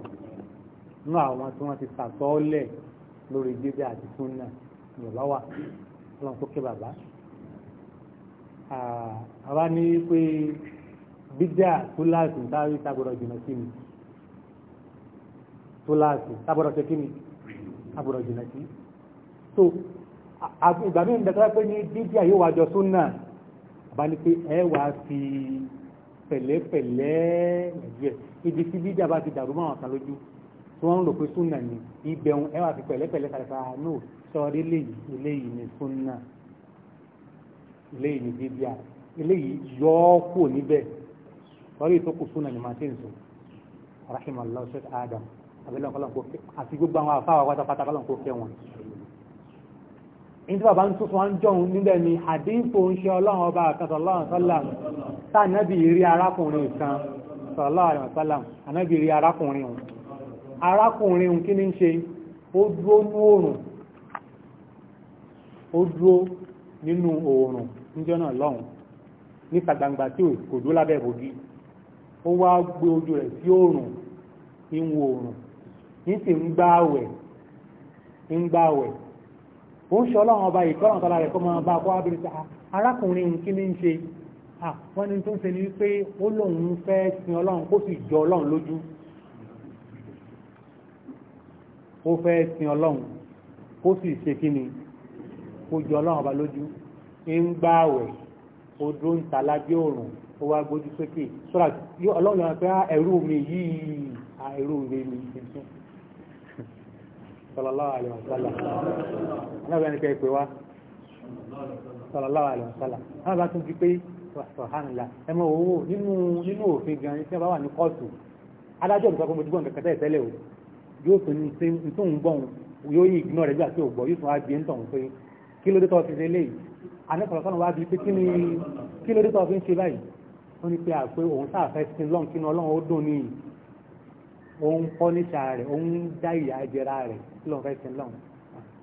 nú àwọn tí wọ́n ti sàtọ́ọ́lẹ̀ lórí bíbẹ́ àti súnà ní ọ̀lọ́wà ọlọ́run tó ké bàbá. àwa ah, ní pé bídà túláàsì ń táwí tábọ̀rọ̀ jùlọ sí mi túláàsì tábọ̀rọ̀ ṣe kí ni àbúrò jìnà sí so ìgbà mí ń dẹ́kọ́ pé ní dídí àyè wà jọ súnà bá ní pé ẹ wà fi pẹ̀lẹ́pẹ̀lẹ́ nàìjíríà ibi tí dídí àbá ti dàrú máwọn kan lójú tí wọ́n ń rò pé súnà ni ibẹ̀hún ẹ wà fi pẹ̀lẹ́pẹ̀lẹ́ kàlẹ́kà ah, no sọrí eléyìí ni súnà eléyìí ni dídí à eléyìí yọ ọ́ kúrò níbẹ̀ sọrí ìtókù súnà ni màá ti ń sọ adam àti gbogbo àwọn àfáwà pátápátá kọ́lọ̀ kó kẹ́ wọn ní tí bàbá ń túnfún wọn jọun níbẹ̀ ni àdínkù ń ṣe ọlọ́run ọba àkàtọ̀ ọlọ́run sọ́làm tànàbì rí arákùnrin kan sọ̀rọ̀lọ́run àrẹ̀wọ̀n sọ́làm ànàbì rí arákùnrin hùn arákùnrin hùn kí ní ṣe ó dúró nú oòrùn ó dúró nínú oòrùn níjọ́ náà lọ́hùn níta gbangba tí kò dúró ní sì ń gbá àwẹ̀ ń gbá àwẹ̀ ó ń ṣọlọ́run ọba ìkọ́ràn tọ́lá rẹ̀ kọ́ máa bá kọ́ abiri ta arákùnrin kí ní ń ṣe ah, wọ́n ní tó ń ṣe ni wípé ó lóun fẹ́ sin ọlọ́run kó sì jọ ọlọ́run lójú ó fẹ́ sin ọlọ́run kó sì ṣe kí ni kó jọ ọlọ́run ọba lójú ń gbá àwẹ̀ ó dúró ń ta lábẹ́ òrùn ó wá gbójú sókè sọ́ra ọlọ́run ọba ah, ẹ̀rù mi yìí ah, ẹ̀rù mi yìí sallallahu alaihi wasallam anábẹ́ ni kẹ́ pé wá sallallahu alaihi wasallam anábẹ́ tún ti pé sọ̀hánilá ẹmọ owó nínú òfin gan ní tí wọ́n bá wà ní kóòtù adájọ́ ìgbà kó mo dúgbọ́n kẹkẹtẹ ìtẹ́lẹ̀ o yóò tún ní tí n tó ń gbọ́n yóò yí ignore rẹ̀ gbà tí ò gbọ́ yóò tún wá gbé ń tọ̀ pé kí ló dé tó fi ṣe léyìí anẹ́sọ̀rọ̀ sọ́nà wá bíi pé kí ló dé tó fi ń ṣe báyìí ó ní pé àpé òun sáà fẹ́ sin lọ́n kínú ọlọ́run ó dùn ní òun lọ́n fẹ́ sin lọ́n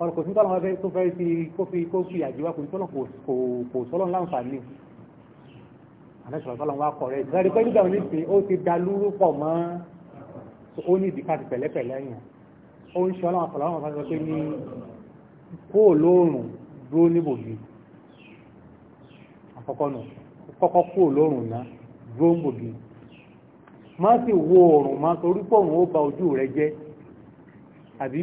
ọ̀rọ̀ kò sí tọ́lọ́ fẹ́ tó fẹ́ fi kó fi kó fi àjíwá kò sí tọ́lọ́ kò sọ́lọ́ láǹfààní àlẹ́sọ̀rọ̀ tọ́lọ́ wa kọ̀ rẹ̀ ìdárí pé nígbà oníṣe ó ti da lúrú pọ̀ mọ́ ó ní ìdí káàdì pẹ̀lẹ́pẹ̀lẹ́ yẹn ó ń ṣe ọlọ́run àfọlọ́run àwọn afẹ́fẹ́ pé ní kó lóòrùn dúró níbòmí àkọ́kọ́ nù kọ́kọ́ kó lóòrùn náà dúró níbòmí má sì wo oòrùn má torí pé òun ó ba ojú rẹ jẹ́ àbí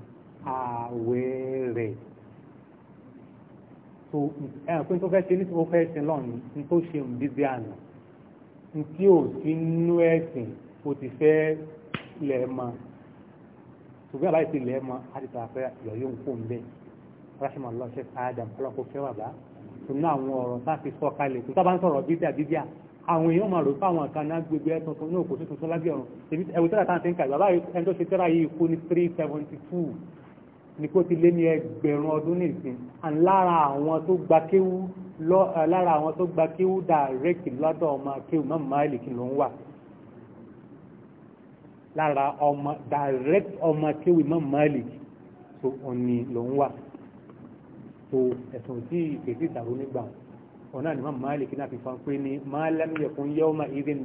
ààwẹ̀ rẹ̀ so ẹ̀hàn pé tó fẹ́ ṣe nítorí fẹ́ ṣe lọ́nà ní tó ṣe ń dídí àná ní tí ò sí nú ẹ̀sìn ó ti fẹ́ lẹ̀ mọ́ ṣùgbọ́n àbáyé ti lẹ̀ mọ́ á ti tà fẹ́ yọ̀yọ́ ń ń bẹ́ẹ̀ rahim allah ṣe adam ọlọ́kọ̀ fẹ́ wà bá tún àwọn ọ̀rọ̀ tá fi sọ kalẹ̀ tó tábà ń sọ̀rọ̀ bídíà bídíà àwọn èèyàn máa rò fáwọn kan náà gbogbo ẹ̀ tuntun ní òkú tuntun lábẹ́ ọ̀run ẹ̀wù tẹ́lá tá à ń ti ń kà bàbá ẹni tó ṣe tẹ́lá yìí kú ní three seventy two ní kó ti lé ní ẹgbẹ̀rún ọdún ní ìsìn and lára àwọn tó gba kéwú eh, lára àwọn direct lọ́dọ̀ ọmọ kéwú mọ́ máìlì kí ló ń wà lára ọmọ direct ọmọ kéwú mọ́ máìlì tó òní ló ń wà tó ẹ̀sùn tí ìpèsè ìdàrú nígbà ọ̀nà ni mọ́ máìlì kí náà fi fan pé ní máa lámìyẹ̀kún yẹ́wọ́mà ìdín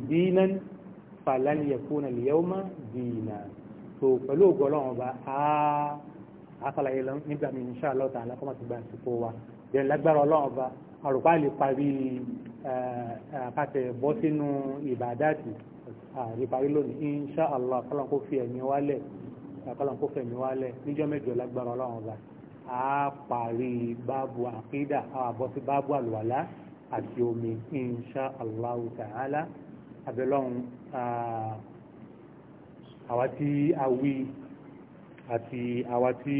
àkàlàyé lọ nígbà mi insha Allah ta'ala kọ́ máa ti gba àsìkò wa bẹ̀rẹ̀ lágbára ọlọ́run ọba àrùpá lè parí àpàtẹ bọ́ sínú ìbàdàtì àríparí lónìí insha Allah kọ́lọ́n kó fi ẹ̀mí wálẹ̀ kọ́lọ́n kó fi ẹ̀mí wálẹ̀ níjọ́ mẹ́jọ lágbára ọlọ́run ọba a parí báàbù àkídà àwọn àbọ̀ sí báàbù àlùwàlá àti omi insha Allah ta'ala tí a wí àti àwa tí